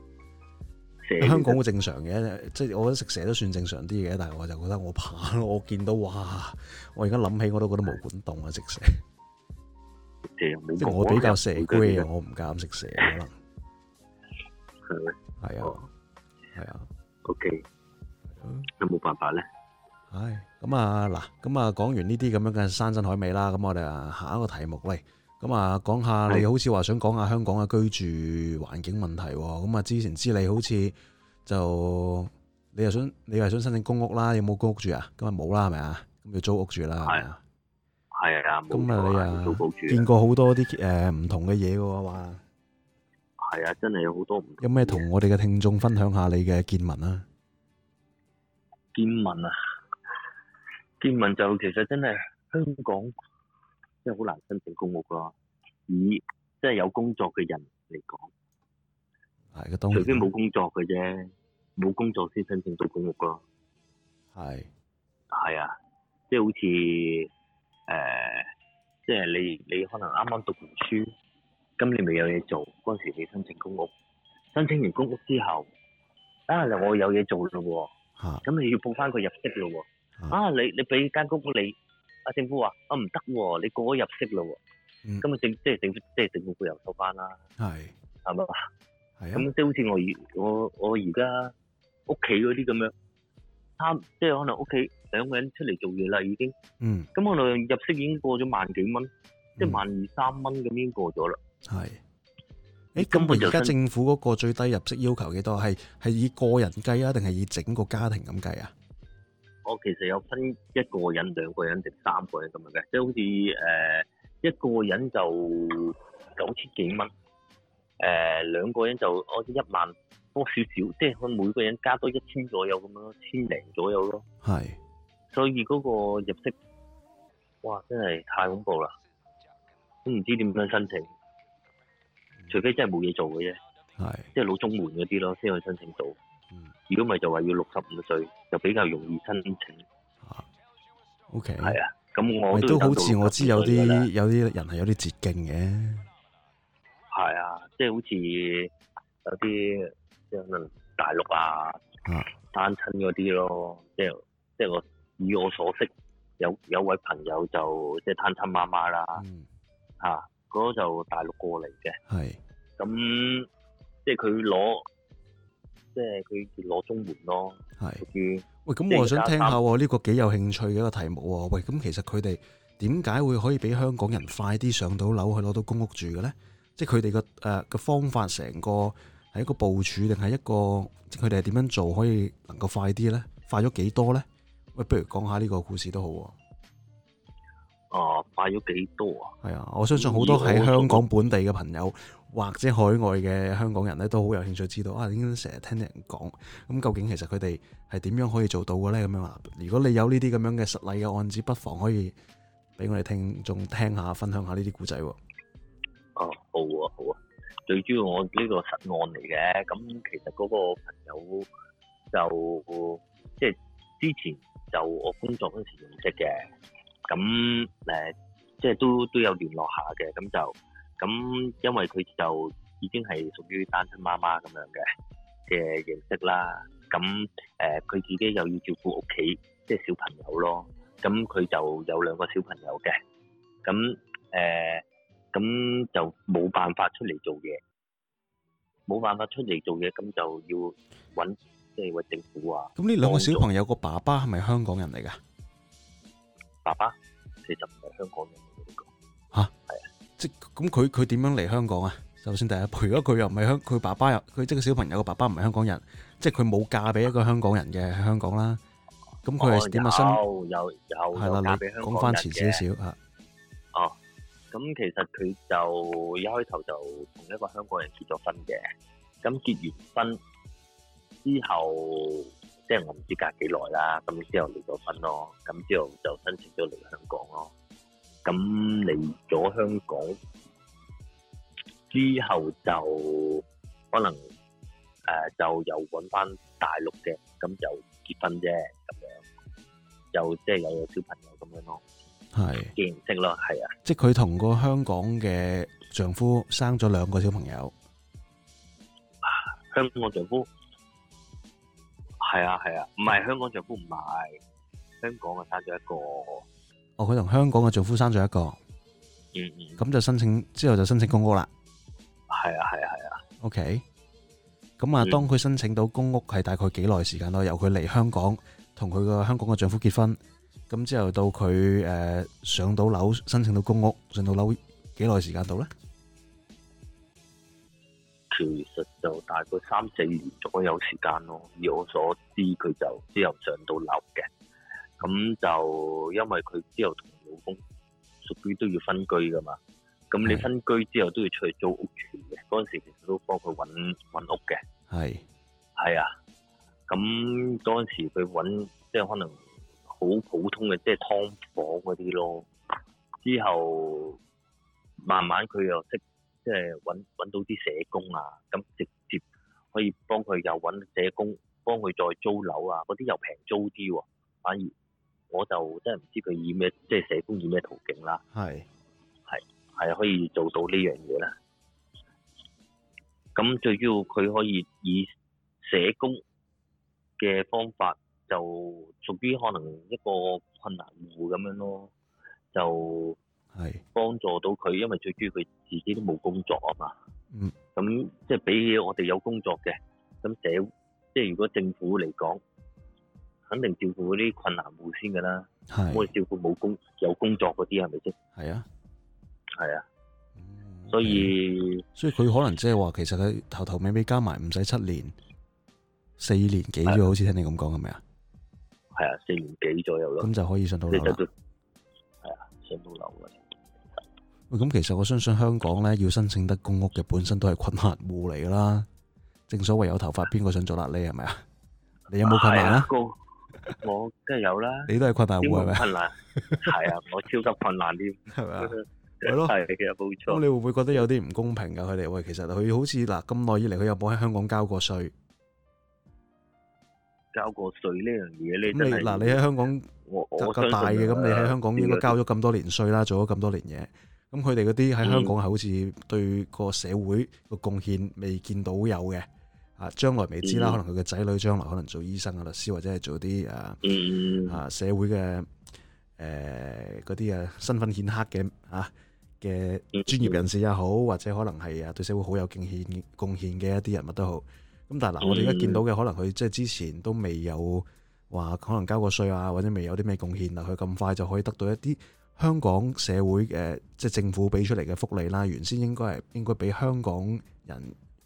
香港好正常嘅，即係我覺得食蛇都算正常啲嘅，但係我就覺得我怕咯，我見到哇，我而家諗起我都覺得毛管戙啊，食蛇。即係我比較蛇龜我唔食蛇鬼 啊，我唔夠膽食蛇可能。係啊，係啊，OK，有冇辦法咧？唉，咁啊嗱，咁啊講完呢啲咁樣嘅山珍海味啦，咁我哋、啊、下一個題目喂。咁啊，講下你好似話想講下香港嘅居住環境問題。咁啊，之前知你好似就你又想你又想申請公屋啦，有冇公屋住啊？咁啊冇啦，係咪啊？咁要租屋住啦。係啊，係啊。咁啊，你，你啊，見過好多啲誒唔同嘅嘢噶嘛？係啊，真係有好多唔同。有咩同我哋嘅聽眾分享下你嘅見聞啊？見聞啊，見聞就其實真係香港。即係好難申請公屋咯，以即係有工作嘅人嚟講，除非冇工作嘅啫，冇工作先申請到公屋咯。係，係啊，即係好似誒、呃，即係你你可能啱啱讀完書，今年咪有嘢做，嗰時你申請公屋，申請完公屋之後，啊，我有嘢做咯，咁你要報翻佢入息咯，啊，你你俾間公屋你。政府話：啊，唔得喎！你過咗入息啦喎，咁啊政即係政府，即係政府會又收返啦。係係咪啊？係啊！咁即係好似我而我我而家屋企嗰啲咁樣，三即係可能屋企兩個人出嚟做嘢啦，已經。嗯。咁可能入息已經過咗萬幾蚊、嗯，即係萬二三蚊咁已經過咗啦。係。誒、欸，咁而家政府嗰個最低入息要求幾多？係係以個人計啊，定係以整個家庭咁計啊？我其實有分一個人、兩個人定三個人咁樣嘅，即係好似誒一個人就九千幾蚊，誒兩個人就好似一萬多少少，即係每個人加多一千左右咁樣咯，千零左右咯。係，所以嗰個入息，哇！真係太恐怖啦，都唔知點樣申請，除非真係冇嘢做嘅啫，係，即係老中門嗰啲咯，先可以申請到。嗯，如果咪就話要六十五歲就比較容易申請，O K，係啊，咁、okay, 啊、我都好似我知有啲有啲人係有啲捷徑嘅，係啊，即係好似有啲即係可能大陸啊，單親嗰啲咯，啊、即係即係我以我所識有有位朋友就即係、就是、單親媽媽啦，吓、嗯、嗰、啊、就大陸過嚟嘅，係，咁即係佢攞。即係佢攞中援咯，係。喂，咁我想聽下喎，呢個幾有興趣嘅一個題目喎。喂，咁其實佢哋點解會可以俾香港人快啲上到樓去攞到公屋住嘅呢？即係佢哋個誒個方法，成個係一個部署定係一個，即係佢哋係點樣做可以能夠快啲呢？快咗幾多呢？喂，不如講下呢個故事都好。哦，快咗幾多啊？係啊，我相信好多喺香港本地嘅朋友，嗯，或者海外嘅香港人咧，都好有興趣知道啊。已經成日聽人講，咁究竟其實佢哋係點樣可以做到嘅咧？咁樣啊？如果你有呢啲咁樣嘅實例嘅案子，不妨可以俾我哋聽眾聽下，分享下呢啲故仔。哦，啊，好啊，好啊，最主要我呢個實案嚟嘅。咁其實嗰個朋友就即係，就是，之前就我工作嗰陣時候認識嘅。咁誒、呃，即係都都有聯絡下嘅，咁就咁，因為佢就已經係屬於單親媽媽咁樣嘅嘅形式啦。咁誒，佢、呃、自己又要照顧屋企，即係小朋友咯。咁佢就有兩個小朋友嘅。咁誒，咁、呃、就冇辦法出嚟做嘢，冇辦法出嚟做嘢，咁就要揾即係政府啊。咁呢兩個小朋友個爸爸係咪香港人嚟㗎？爸爸其實唔係香港人嚟嘅。嚇係啊，啊，即咁佢佢點樣嚟香港啊？首先第一，如果佢又唔係香，佢爸爸又佢即係小朋友嘅爸爸唔係香港人，即係佢冇嫁俾一個香港人嘅、啊、香港啦。咁佢係點啊？新有有係啦、啊，你講翻前少少嚇。哦、啊，咁其實佢就一開頭就同一個香港人結咗婚嘅。咁結完婚之後，即係我唔知隔幾耐啦，咁之後離咗婚咯，咁之後就申請咗嚟香港咯。咁嚟咗香港之後就可能誒，就又搵翻大陸嘅，咁就結婚啫，咁樣就即係有小朋友咁樣咯。係見唔識咯，係啊，即係佢同個香港嘅丈夫生咗兩個小朋友。香港丈夫。係啊，係啊，唔係、啊、香港丈夫唔係香港嘅生咗一個哦。佢同香港嘅丈夫生咗一個，嗯嗯，咁就申請之後就申請公屋啦。係啊，係啊，係啊，OK。咁、okay，啊，當佢申請到公屋係大概幾耐時間到？由佢嚟香港同佢個香港嘅丈夫結婚，咁之後到佢誒、呃、上到樓申請到公屋上到樓幾耐時間到呢？其實就大概三四年左右時間咯，以我所知佢就之後上到樓嘅，咁就因為佢之後同老公屬於都要分居噶嘛，咁你分居之後都要出去租屋住嘅，嗰陣時其實都幫佢揾揾屋嘅，係，係啊，咁嗰陣時佢揾即係可能好普通嘅即係劏房嗰啲咯，之後慢慢佢又識。即係揾揾到啲社工啊，咁直接可以幫佢又揾社工，幫佢再租樓啊，嗰啲又平租啲喎、啊。反而我就真係唔知佢以咩，即係社工以咩途徑啦、啊。係係係可以做到呢樣嘢啦。咁最主要佢可以以社工嘅方法，就屬於可能一個困難戶咁樣咯，就。係幫助到佢，因為最主要佢自己都冇工作啊嘛。嗯，咁即係比我哋有工作嘅，咁社即係如果政府嚟講，肯定照顧嗰啲困難戶先噶啦。係，我哋照顧冇工有工作嗰啲係咪先？係啊，係啊、嗯，所以所以佢可能即係話，其實佢頭頭尾尾加埋唔使七年，四年幾咗、啊，好似聽你咁講係咪啊？係啊，四年幾左右咯。咁就可以上到冇。咁其實我相信香港咧，要申請得公屋嘅本身都係困難戶嚟㗎啦。正所謂有頭髮，邊個想做邋哩，係咪啊？你有冇困難啊？我梗係有啦。你都係困難戶係咪？困難係啊，是是 我超級困難添。係咪啊？係 咯不是。 其實冇錯。咁你會唔會覺得有啲唔公平啊？佢哋，喂，其實佢好似嗱，咁耐以嚟，佢有冇喺香港交過稅，交過稅呢樣嘢你嗱，你喺香港？足夠大嘅，咁你喺香港應該交咗咁多年稅啦，啊，做咗咁多年嘢，咁佢哋嗰啲喺香港係好似對個社會個貢獻未見到有嘅，啊，將來未知啦，嗯，可能佢嘅仔女將來可能做醫生，嘅律師或者係做啲誒啊社會嘅誒嗰啲誒身份顯赫嘅啊嘅專業人士也好，或者可能係啊對社會好有敬獻貢獻貢獻嘅一啲人物都好，咁但係嗱，呃，我哋而家見到嘅可能佢即係之前都未有。話可能交過稅啊，或者未有啲咩貢獻啊，佢咁快就可以得到一啲香港社會嘅即係政府俾出嚟嘅福利啦，原先應該係應該俾香港人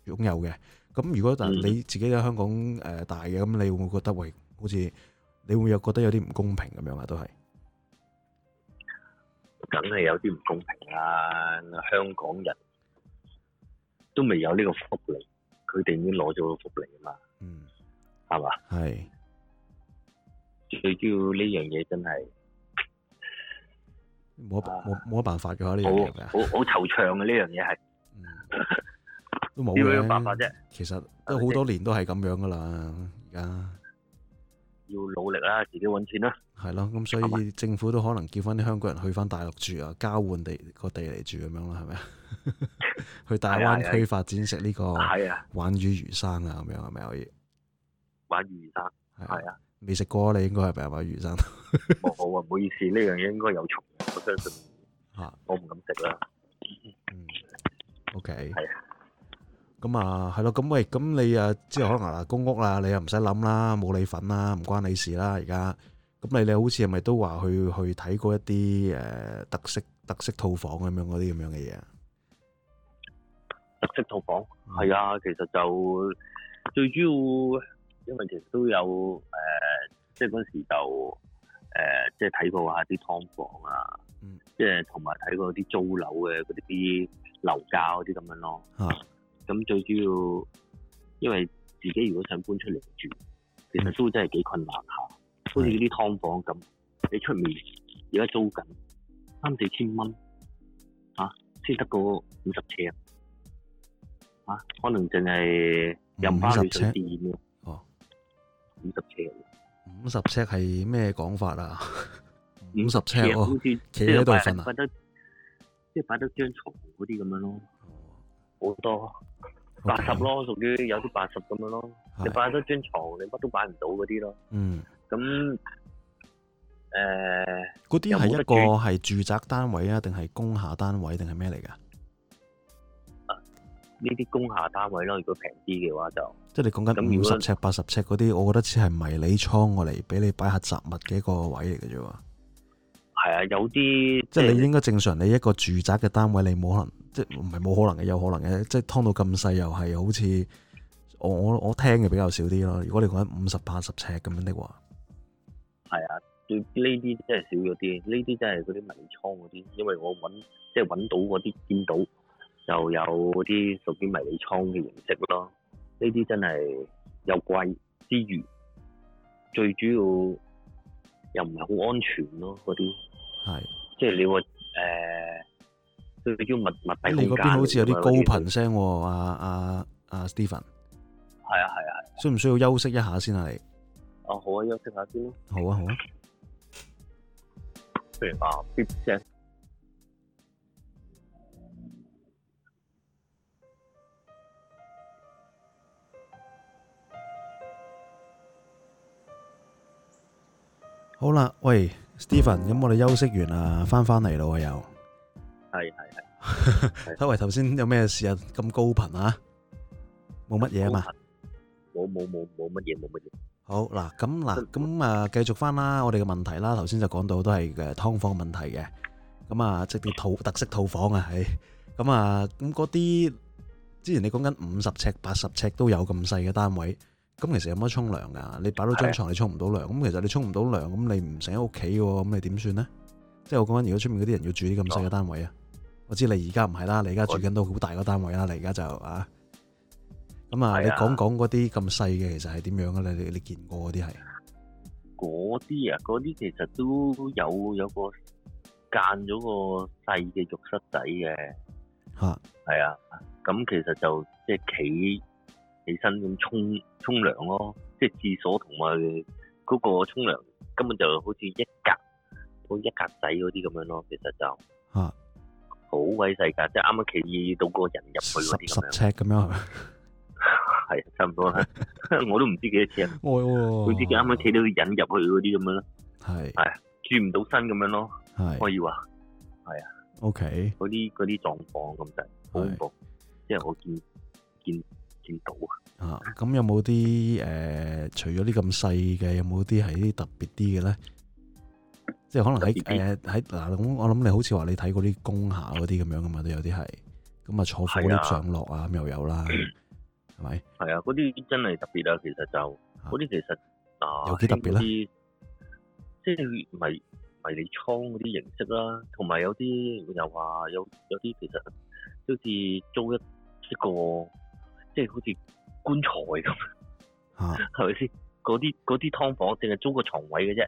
擁有嘅。咁如果但你自己喺香港誒大嘅，咁你會唔會覺得為好似你會唔會覺得有啲唔公平咁樣啊？都係，梗係有啲唔公平啊。香港人都未有呢個福利，佢哋已經攞咗個福利啊嘛。嗯，係嘛，係。最主要呢樣嘢真係冇冇冇辦法嘅話，呢樣嘢好好，好惆悵嘅呢樣嘢係，都冇嘅辦法啫？其實都好多年都係咁樣噶啦。而家要努力啦，自己搵錢啦。係咯，咁所以政府都可能叫翻啲香港人去翻大陸住啊，交換地個地嚟住咁樣咯，係咪啊？ 去大灣區的發展食呢個係啊，玩魚魚生啊，咁樣係咪可以玩魚魚生？係啊。未食過，你應該係咪話魚生。唔好啊，唔好意思，呢樣嘢應該有蟲，我相信吓，我唔敢食啦。O K，係啊，咁啊，係咯，咁喂，咁你啊，即係可能公屋啦，你又唔使諗啦，冇你份啦，唔關你事啦，而家。咁你你好似係咪都話去去睇過一啲誒特色特色套房咁樣嗰啲咁樣嘅嘢？特色套房係啊，其實就最主要。因為其實都有誒、呃，即係嗰時就誒、呃，即係睇過下啲劏房啊，嗯、即係同埋睇過啲租樓嘅嗰啲啲樓價嗰啲咁樣咯。吓、啊，咁最主要，因為自己如果想搬出嚟住，其實都真係幾困難下。好似呢啲劏房咁、嗯，你出面而家租緊三四千蚊，吓、啊，先得個五十尺，吓、啊，可能淨係廿八釐水地。五十尺，五十尺係咩講法啊？五十尺，尺、哦啊、好似咯，企喺度瞓啊！即係擺得張床嗰啲咁樣咯，好多八十咯，屬於有啲八十咁樣咯。你擺得張床，你乜都擺唔到嗰啲咯。嗯，咁誒，嗰啲係一個係住宅單位啊，定係工廈單位，定係咩嚟噶？呢啲工廈單位咯，如果平啲嘅話就即係你講緊五十尺、八十尺嗰啲，我覺得似係迷你倉我嚟俾你擺下雜物嘅一個位嚟嘅啫喎。係啊，有啲即係你應該正常，你一個住宅嘅單位，你冇可能、嗯、即係唔係冇可能嘅、嗯，有可能嘅，即係劏到咁細又係好似我我我聽嘅比較少啲咯。如果你講緊五十、八十尺咁樣嘅話，係啊，對呢啲真係少咗啲，呢啲真係嗰啲迷你倉嗰啲，因為我揾即係揾到嗰啲見到的。就有啲屬於迷你倉嘅形式咯，呢啲真係又貴之餘，最主要又唔係好安全咯，嗰啲係即係你話誒，都比密密物抵啲價。你嗰邊好似有啲高頻聲，阿阿阿 Stephen，係啊係啊，需唔需要休息一下先啊？你、啊、哦，好啊，休息下先咯。好啊好啊，對啊，BTS。這好啦，喂，Steven，咁我哋休息完啊，翻翻嚟咯又，係係係，睇下頭先有咩事啊？咁高頻啊，冇乜嘢啊嘛，冇冇冇冇乜嘢冇乜嘢。好嗱，咁嗱，咁啊，繼續翻啦，我哋嘅問題啦，頭先就講到都係誒，劏房問題嘅，咁啊，即係套特色套房啊，係，咁啊，咁嗰啲，之前你講緊五十尺、八十尺都有咁細嘅單位。咁其實有乜沖涼噶？你擺到張床床，你沖唔到涼。咁其實你沖唔到涼，咁你唔成喺屋企喎。咁你點算咧？即係我講緊，如果出面嗰啲人要住啲咁細嘅單位啊，我知你而家唔係啦，你而家住緊都好大個單位啦。你而家就啊，咁啊，你講講嗰啲咁細嘅，其實係點樣噶咧？你你見過嗰啲係？嗰啲啊，嗰啲其實都有有個間咗個細嘅浴室仔嘅吓，係啊。咁其實就即係企。起身咁沖沖涼咯，即係廁所同埋嗰個沖涼根本就好似一格嗰一格仔嗰啲咁樣咯。其實就吓好鬼細噶，即係啱啱企到個人入去嗰啲咁樣，十十尺咁樣係，差唔多啦。我都唔知幾多尺，佢自己啱啱企到個人入去嗰啲咁樣咯。係係轉唔到身咁樣咯，可以話係啊。OK，嗰啲嗰啲狀況咁就恐怖，因為我見見。見到啊！咁有冇啲誒？除咗啲咁細嘅，有冇啲係啲特別啲嘅咧？即係可能喺誒喺嗱咁，我諗你好似話你睇嗰啲工廈嗰啲咁樣噶嘛，都有啲係咁啊，就坐火箭上落啊，咁、啊、又有啦，係、嗯、咪？係啊，嗰啲真係特別啊！其實就嗰啲其實啊，有幾特別啦。即係迷迷你倉嗰啲形式啦、啊，同埋有啲又話有有啲其實都似租一一個。即係好似棺材咁，係咪先？嗰啲嗰啲劏房淨係租個床位嘅啫。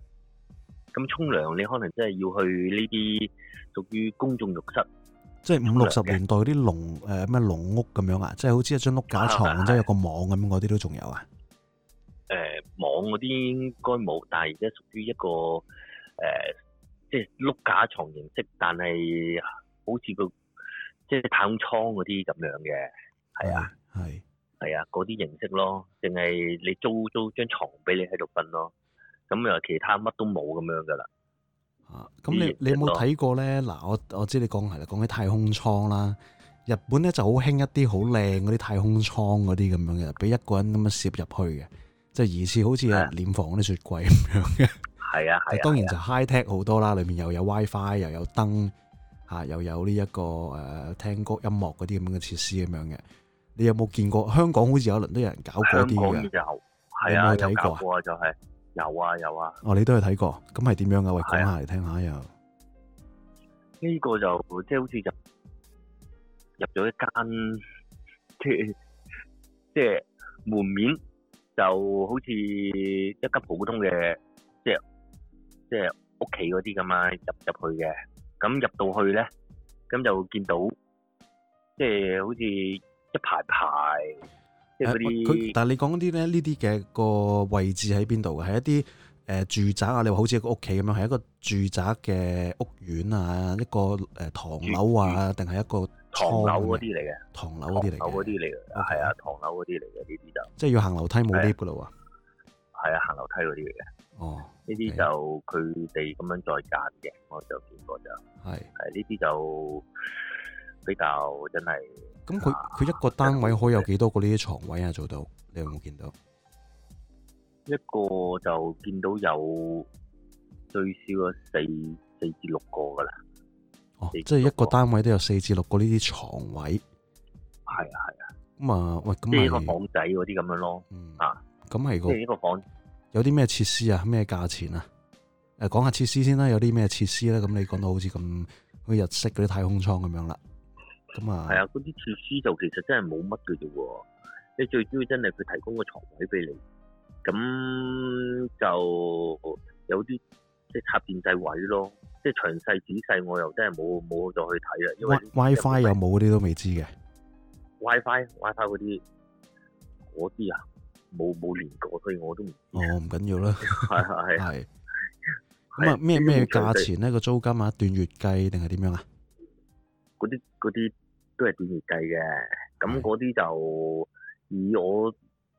咁沖涼你可能真係要去呢啲屬於公眾浴室。即係五六十年代啲龍誒咩龍屋咁樣啊？即係好似一張碌架床，即係有個網咁嗰啲都仲有啊？誒、呃，網嗰啲應該冇，但係而家屬於一個誒、呃，即係碌架床形式，但係好似個即係太空艙嗰啲咁樣嘅，係啊。係，係啊，嗰啲形式咯，淨係你租租張床俾你喺度瞓咯，咁又其他乜都冇咁樣噶啦。啊，咁你些你有冇睇過咧？嗱、啊，我我知你講係啦，講緊太空艙啦，日本咧就好興一啲，好靚嗰啲太空艙嗰啲咁樣嘅，俾一個人咁樣攝入去嘅，即係疑似好似啊殮房啲雪櫃咁樣嘅。係 啊係、啊啊、當然就 high tech 好多啦，裏面又有 WiFi，又有燈，吓、啊、又有呢、這、一個誒、呃、聽歌音樂嗰啲咁樣嘅設施咁樣嘅。你有冇見過？香港好似有一輪都有人搞嗰啲嘅。香港嘅就係啊，有冇去睇過啊？就係有啊，有啊。哦，你都有睇過，咁係點樣啊？喂，講下嚟聽下又。呢個就即係好似入入咗一間，即係即係門面，就好似一間普通嘅，即係即係屋企嗰啲咁啊，入入去嘅。咁入到去咧，咁就見到即係好似。一排排，佢、就是、但係你講啲咧呢啲嘅個位置喺邊度嘅？係一啲誒、呃、住宅啊，你話好似一個屋企咁樣，係一個住宅嘅屋苑啊，一個誒唐樓啊，定係一個唐樓嗰啲嚟嘅？唐樓嗰啲嚟嘅，係、okay. 啊，唐樓嗰啲嚟嘅呢啲就即係要行樓梯冇 lift 咯啊！係啊，行樓梯嗰啲嚟嘅哦，呢啲、啊、就佢哋咁樣再揀嘅，我就見過就係係呢啲就比較真係。咁佢佢一個單位可以有幾多個呢啲床位啊？做到你有冇見到？一個就見到有最少個四四至六個噶啦。哦，即係一個單位都有四至六個呢啲床位。係啊係啊。咁啊、呃、喂，咁係個房仔嗰啲咁樣咯。嗯、啊，咁係個。即係個房。有啲咩設施啊？咩價錢啊？誒、呃，講下設施先啦、啊。有啲咩設施咧？咁你講到好似咁嗰日式嗰啲太空艙咁樣啦。係、嗯、啊，嗰啲設施就其實真係冇乜嘅啫喎，你最主要真係佢提供個床位俾你，咁就有啲即係插電掣位咯，即係詳細仔細我又真係冇冇再去睇啊。因為 WiFi 有冇嗰啲都未知嘅。WiFi WiFi 嗰啲，嗰啲啊冇冇連過，所以我都唔知。哦，唔緊要啦，係係係。咁啊咩咩價錢呢？個租金啊，一段月計定係點樣啊？啲嗰啲。都係短月計嘅，咁嗰啲就以我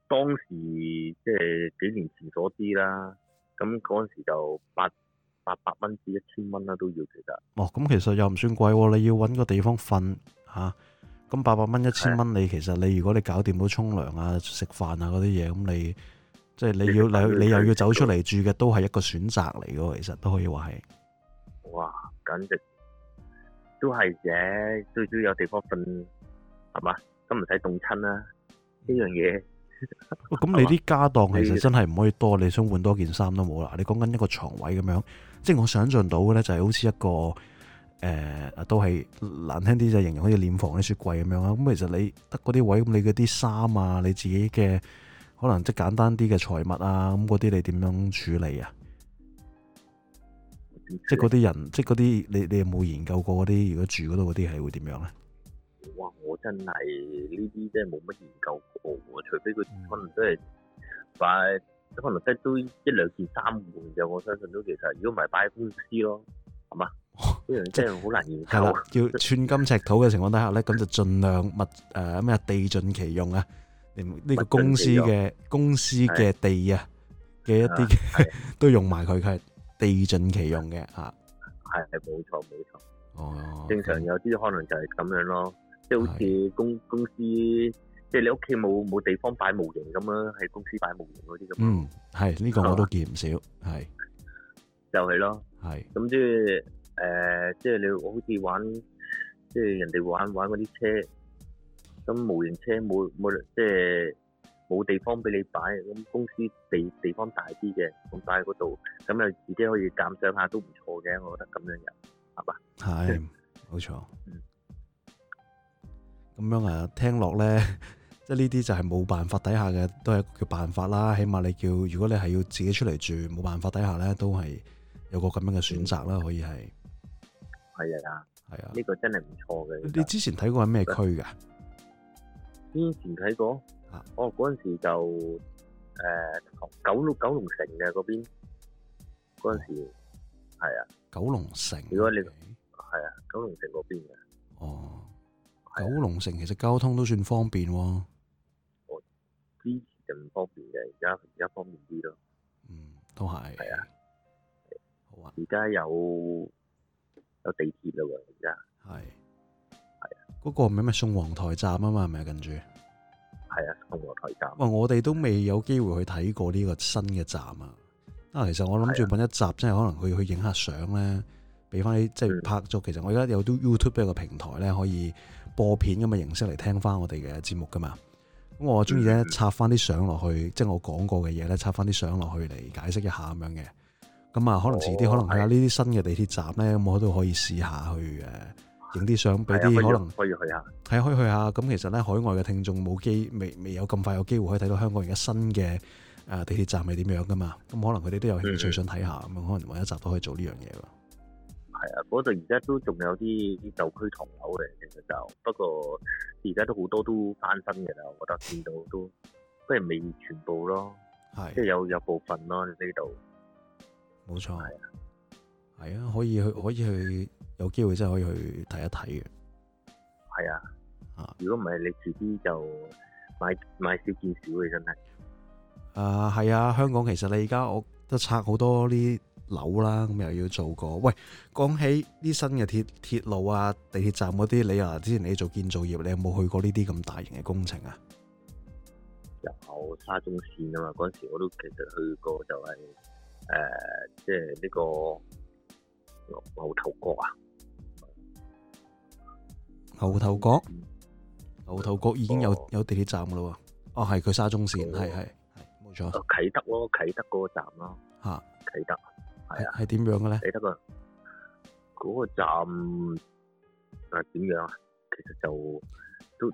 當時即係、就是、幾年前嗰啲啦，咁嗰陣時就八八百蚊至一千蚊啦都要其實。哦，咁其實又唔算貴，你要搵個地方瞓吓，咁八百蚊一千蚊你其實你如果你搞掂到沖涼啊、食飯啊嗰啲嘢，咁你即係、就是、你要你 你又要走出嚟住嘅，都係一個選擇嚟噶，其實都可以話係。哇，簡直！都係嘅，最少有地方瞓，係嘛，都唔使凍親啦。呢樣嘢，咁你啲家當其實真係唔可以多，你想換多件衫都冇啦。你講緊一個床位咁樣，即係我想象到嘅咧，就係好似一個誒、呃，都係難聽啲就形容好似殮房啲雪櫃咁樣啦。咁其實你得嗰啲位，咁你嗰啲衫啊，你自己嘅可能即係簡單啲嘅財物啊，咁嗰啲你點樣處理啊？即係嗰啲人，即係嗰啲你你有冇研究過嗰啲？如果住嗰度嗰啲係會點樣咧？哇！我真係呢啲即係冇乜研究過，除非佢可能都係擺，可能都都一兩件衫換就。我相信都其實如果唔係擺喺公司咯，係嘛？即係好難研究。係啦，要寸金尺土嘅情況底下咧，咁就盡量物誒咩地盡其用啊！連呢個公司嘅公司嘅地啊嘅一啲都用埋佢佢。地盡其用嘅吓，係係冇錯冇錯，哦，正常有啲可能就係咁樣咯，即係好似公公司，即係你屋企冇冇地方擺模型咁樣，喺公司擺模型嗰啲咁，嗯，係呢、呢個我都見唔少，係、啊，就係、係、咯，係，咁即係誒、呃，即係你好似玩，即係人哋玩玩嗰啲車，咁模型車冇冇即係。冇地方俾你擺，咁公司地地方大啲嘅，咁擺喺嗰度，咁又自己可以鑑賞下都唔錯嘅，我覺得咁樣嘅，係嘛？係，冇錯。嗯，咁樣啊，聽落咧，即係呢啲就係冇辦法底下嘅，都係叫辦法啦。起碼你叫，如果你係要自己出嚟住，冇辦法底下咧，都係有個咁樣嘅選擇啦，可以係。係啊，係啊，呢個真係唔錯嘅。你之前睇過係咩區噶？之前睇過。哦，嗰陣時就誒、呃、九龍九龍城嘅嗰邊，嗰陣時係、哦、啊，九龍城。如果你係、okay. 啊，九龍城嗰邊嘅。哦、啊、九龍城其實交通都算方便、哦。我、哦、之前就唔方便嘅，而家而家方便啲咯。嗯，都係係啊，好啊。而家有有地鐵啦，而家係係啊，嗰、嗰個名咪宋皇台站啊嘛，係咪啊近住？係啊，同步提交。喂，我哋都未有機會去睇過呢個新嘅站啊！啊、就是，其實我諗住揾一集，真係可能去去影下相咧，俾翻啲即係拍咗。其實我而家有啲 YouTube 一個平台咧，可以播片咁嘅形式嚟聽翻我哋嘅節目噶嘛。咁、嗯、我中意咧插翻啲相落去，即、嗯、係、就是、我講過嘅嘢咧，插翻啲相落去嚟解釋一下咁樣嘅。咁啊，可能遲啲、哦，可能去下呢啲新嘅地鐵站咧，咁我都可以試下去誒。影啲相俾啲可能可以去下，係啊，可以去下。咁其實咧，海外嘅聽眾冇機未未有咁快有機會可以睇到香港而家新嘅誒地鐵站係點樣㗎嘛？咁可能佢哋都有興趣想睇下，咁可能下一集都可以做呢樣嘢咯。係啊，嗰度而家都仲有啲啲舊區唐樓嚟嘅，其實就，不過而家都好多都翻新嘅啦。我覺得見到都，不過未全部咯，即係有有部分咯呢度。冇錯，係啊，係啊，可以去可以去。有機會真係可以去睇一睇嘅，係啊，啊！如果唔係你自己就買買少見少嘅真係，啊係啊！香港其實你而家我都拆好多啲樓啦，咁又要做過，喂，講起啲新嘅鐵鐵路啊、地鐵站嗰啲，你啊之前你做建造業，你有冇去過呢啲咁大型嘅工程啊？有沙中線啊嘛，嗰陣時我都其實去過、就係，就係誒，即係呢、呢個牛頭角啊。牛頭角，牛頭角已經有、哦、有地鐵站噶咯，哦係佢沙中線，係係係冇錯。啟德咯，啟德嗰個站咯，吓啟德係啊，係點、啊、樣嘅咧？啟德個、啊、嗰、嗰個站誒點、啊、樣啊？其實就都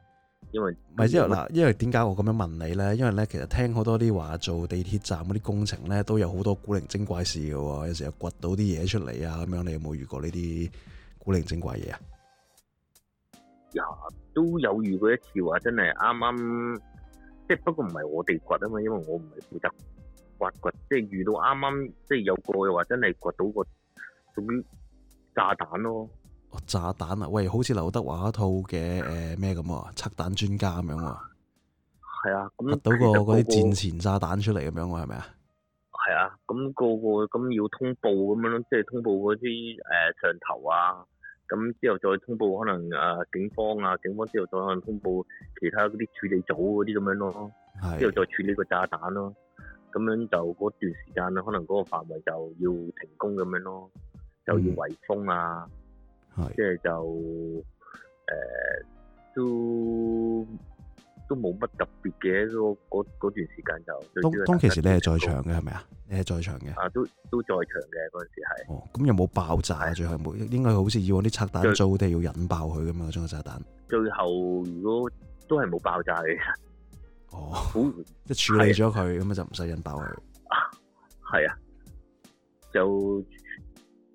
因為唔係即係嗱，因為點解我咁樣問你咧？因為咧，其實聽好多啲話做地鐵站嗰啲工程咧，都有好多古靈精怪事，噶喎，有時又掘到啲嘢出嚟啊，咁樣你有冇遇過呢啲古靈精怪嘢啊？呀，都有遇過一次話，真係啱啱，即係不過唔係我哋掘啊嘛，因為我唔係負責掘掘，即係遇到啱啱，即係有個又話真係掘到個咁炸彈咯。哦，炸彈啊，喂，好似劉德華套嘅誒咩咁啊，拆彈專家咁樣喎。係啊，咁、嗯、得到個嗰啲戰前炸彈出嚟咁樣喎，係、嗯、咪啊？係、嗯、啊，咁個個咁要通報咁樣咯，即、就、係、是、通報嗰啲誒上頭啊。咁之後再通報可能誒警方啊，警方之後再可能通報其他啲處理組嗰啲咁樣咯，之後再處理個炸彈咯，咁樣就嗰段時間可能嗰個範圍就要停工咁樣咯，就要圍封啊，嗯、即係就誒都。都冇乜特別嘅，嗰段時間就。當其時你係在場嘅係咪啊？你係在場嘅。啊，都都在場嘅嗰陣時係。哦，咁有冇爆炸啊？係最後冇，應該好似以往啲拆彈組，都要引爆佢㗎嘛？嗰種炸彈。最後如果都係冇爆炸嘅。哦。一處理咗佢，咁啊就唔使引爆佢。啊，係啊，就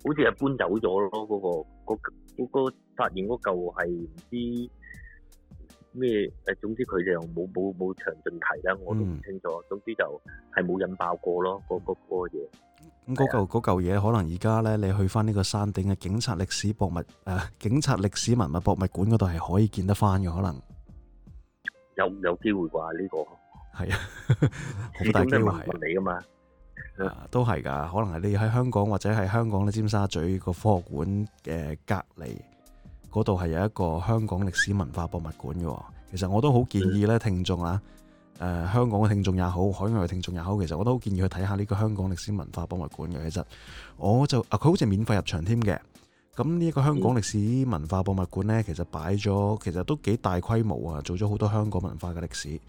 好似係搬走咗咯，嗰、嗰個嗰嗰、嗰個嗰個、發現嗰嚿係唔知。咩？誒，總之佢就冇冇冇詳盡提啦，我都唔清楚、嗯。總之就係冇引爆過咯，嗰嗰嘢。咁嗰嚿嘢，嗰個啊嗰個、可能而家咧，你去翻呢個山頂嘅警察歷史博物誒、啊，警察歷史文物博物館嗰度係可以見得翻嘅，可能有有機會啩呢、呢個？係啊，好 大機會你噶嘛？ 啊、都係噶，可能係你喺香港或者係香港咧，尖沙咀個科學館嘅隔離。嗰度係有一個香港歷史文化博物館嘅、哦，其實我都好建議咧，聽眾啊，誒、呃、香港嘅聽眾也好，海外嘅聽眾也好，其實我都好建議去睇下呢個香港歷史文化博物館嘅。其實我就啊，佢好似免費入場添嘅。咁呢個香港歷史文化博物館呢，其實擺咗其實都幾大規模啊，做咗好多香港文化嘅歷史。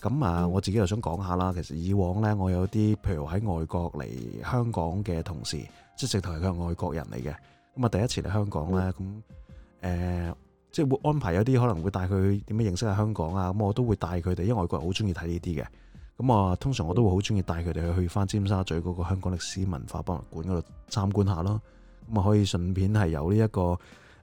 咁啊，我自己又想講下啦。其實以往呢，我有啲譬如喺外國嚟香港嘅同事，即直頭係佢係外國人嚟嘅。咁啊，第一次嚟香港呢。咁、嗯。誒、呃，即係會安排有啲可能會帶佢去點樣認識下香港啊！咁我都會帶佢哋，因為外國人好中意睇呢啲嘅。咁啊，通常我都會好中意帶佢哋去去翻尖沙咀嗰個香港歷史文化博物館嗰度參觀下咯。咁啊，可以順便係有呢、這、一個誒、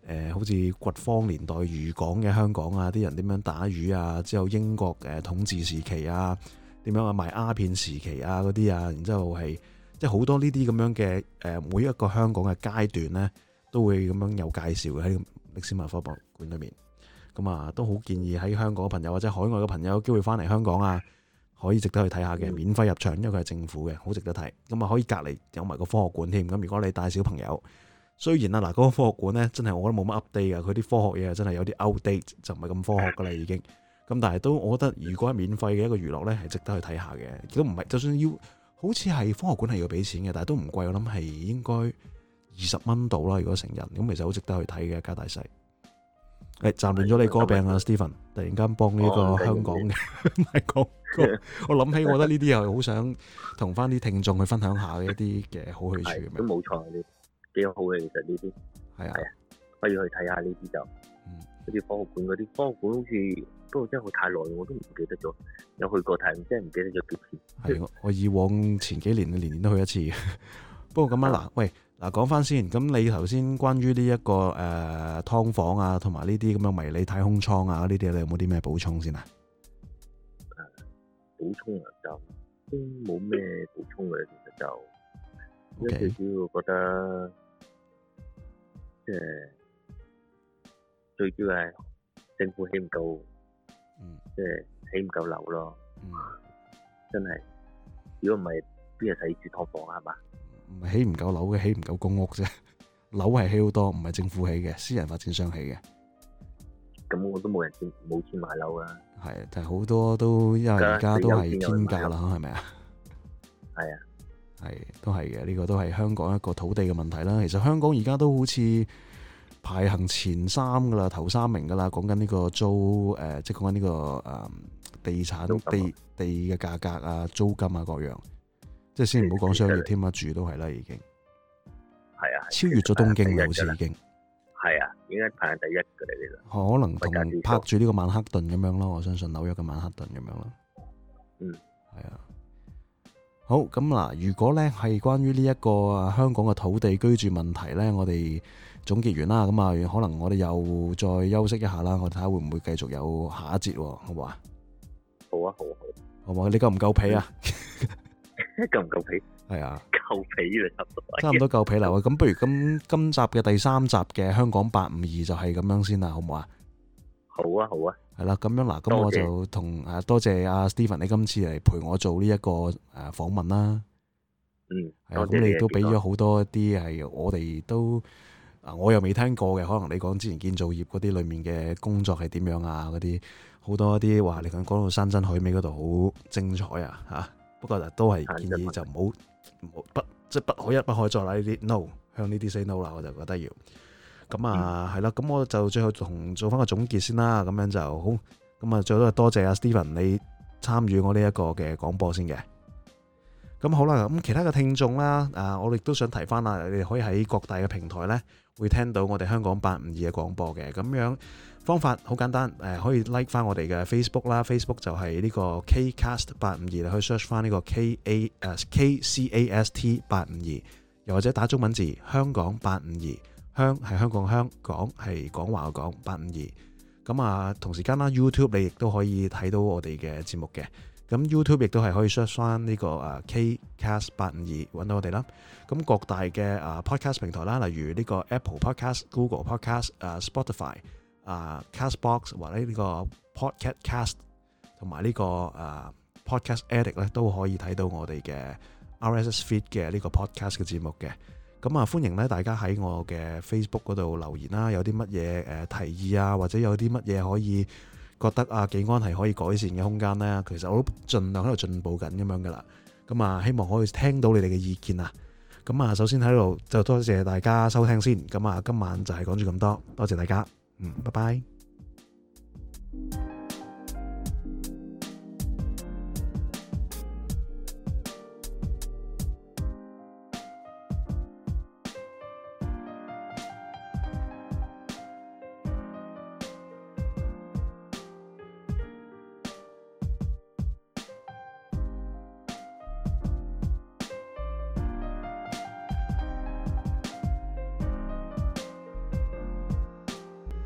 呃，好似掘荒年代漁港嘅香港啊，啲人點樣打魚啊，之後英國誒、呃、統治時期啊，點樣啊賣鴉片時期啊嗰啲啊，然之後係即係好多呢啲咁樣嘅誒、呃，每一個香港嘅階段呢，都會咁樣有介紹嘅。歷史文化博物館裏面，咁啊都好建議喺香港嘅朋友或者海外嘅朋友有機會翻嚟香港啊，可以值得去睇下嘅，免費入場，因為佢係政府嘅，好值得睇。咁啊可以隔籬有埋個科學館添。咁如果你帶小朋友，雖然啊嗱嗰個科學館呢，真係我得冇乜 update 啊。佢啲科學嘢真係有啲 out date，就唔係咁科學噶啦已經。咁但係都我覺得如果係免費嘅一個娛樂呢，係值得去睇下嘅。如果唔係，就算要好似係科學館係要俾錢嘅，但係都唔貴。我諗係應該。二十蚊到啦，如果成人咁，其實好值得去睇嘅，一家大細。誒、哎，站亂咗你歌病啊、嗯、，Steven！突然間幫呢個香港嘅、哦， 我諗起，我覺得呢啲又好想同翻啲聽眾去分享一下一啲嘅好去處咁樣。都冇錯，啲幾好嘅，其實呢啲係啊，不如去睇下呢啲就，嗯、好似博物館嗰啲，博物館好似不過真係太耐，我都唔記得咗。有去過睇，真係唔記得咗幾次。係我，我以往前幾年年年都去一次， 不過咁樣嗱，喂。嗱，講翻先，咁你頭先關於呢一個誒，㓥房啊，同埋呢啲咁嘅迷你太空艙啊，呢啲你有冇啲咩補充先啊？補充啊，就都冇咩補充嘅、啊，其實就、okay. 因為最主要覺得即係、呃、最主要係政府起唔到，即、嗯、係起唔夠樓咯，嗯、真係如果唔係邊日使住劏房啊，係嘛？唔係起唔夠樓嘅，起唔夠公屋啫。樓係起好多，唔係政府起嘅，私人發展商起嘅。咁我都冇人錢，冇錢買樓，就是、啊。係但就係好多都因為而家都係天價啦，係咪啊？係啊，係都係嘅。呢個都係香港一個土地嘅問題啦。其實香港而家都好似排行前三噶啦，頭三名噶啦。講緊呢個租誒、呃，即係講緊呢個誒、嗯、地產、啊、地地嘅價格啊，租金啊各樣。即係先唔好講商業添啦、嗯，住都係啦，已經係啊，超越咗東京啊，好似已經係啊，應該排第一嘅嚟，可能同拍住呢個曼克頓咁樣咯，我相信紐約嘅曼克頓咁樣咯，嗯，係啊，好咁嗱，如果咧係關於呢一個啊香港嘅土地居住問題咧，我哋總結完啦，咁啊，可能我哋又再休息一下啦，我睇下會唔會繼續有下一節，好唔好，好啊？好啊，好，好，好唔好？你夠唔夠皮啊？嗯 一夠唔夠皮？係啊，夠皮啦，差唔多，差唔多夠皮啦。咁不如今今集嘅第三集嘅香講852就係、是、咁樣先啦，好唔好啊？好啊，好啊。係啦、啊，咁樣嗱，咁我就同啊多謝阿、啊啊、Steven，你今次嚟陪我做呢一個誒訪問啦。嗯，係咁，啊、你都俾咗好多一啲係我哋都啊，我又未聽過嘅，可能你講之前建造業嗰啲裏面嘅工作係點樣啊？嗰啲好多一啲話你咁講到山珍海味嗰度好精彩啊！吓、啊。不過就都係建議，就唔好，不即不可一不可再啦，呢啲 no，向呢啲 say no 啦。我就覺得要咁啊，係啦，咁我就最後同做翻個總結先啦，咁樣就好咁啊，最後都係多謝阿 Steven，你參與我呢一個嘅廣播先嘅。咁好啦，咁其他嘅聽眾啦，啊我哋都想提翻啦，你哋可以喺各大嘅平台呢，會聽到我哋香港八五二嘅廣播嘅咁樣。方法好簡單，誒可以 like 翻我哋嘅 Facebook 啦，Facebook 就係呢個 Kcast 八五二，你可以 search 翻呢個 K A 誒 K C A S T 八五二，又或者打中文字香港八五二，香係香港，香港係廣話嘅講八五二。咁啊，同時間啦，YouTube 你亦都可以睇到我哋嘅節目嘅，咁 YouTube 亦都係可以 search 翻呢個誒 Kcast 八五二揾到我哋啦。咁各大嘅誒 podcast 平台啦，例如呢個 Apple Podcast、Google Podcast、誒 Spotify。啊，Castbox 或者呢個 Podcast Cast 同埋呢個啊 Podcast Addict 咧都可以睇到我哋嘅 RSS Feed 嘅呢個 Podcast 嘅節目嘅。咁啊，歡迎咧大家喺我嘅 Facebook 嗰度留言啦，有啲乜嘢誒提議啊，或者有啲乜嘢可以覺得啊幾安係可以改善嘅空間咧？其實我都盡量喺度進步緊咁樣噶啦。咁啊，希望可以聽到你哋嘅意見啊。咁啊，首先喺度就多謝大家收聽先。咁啊，今晚就係講住咁多，多謝大家。嗯，拜拜。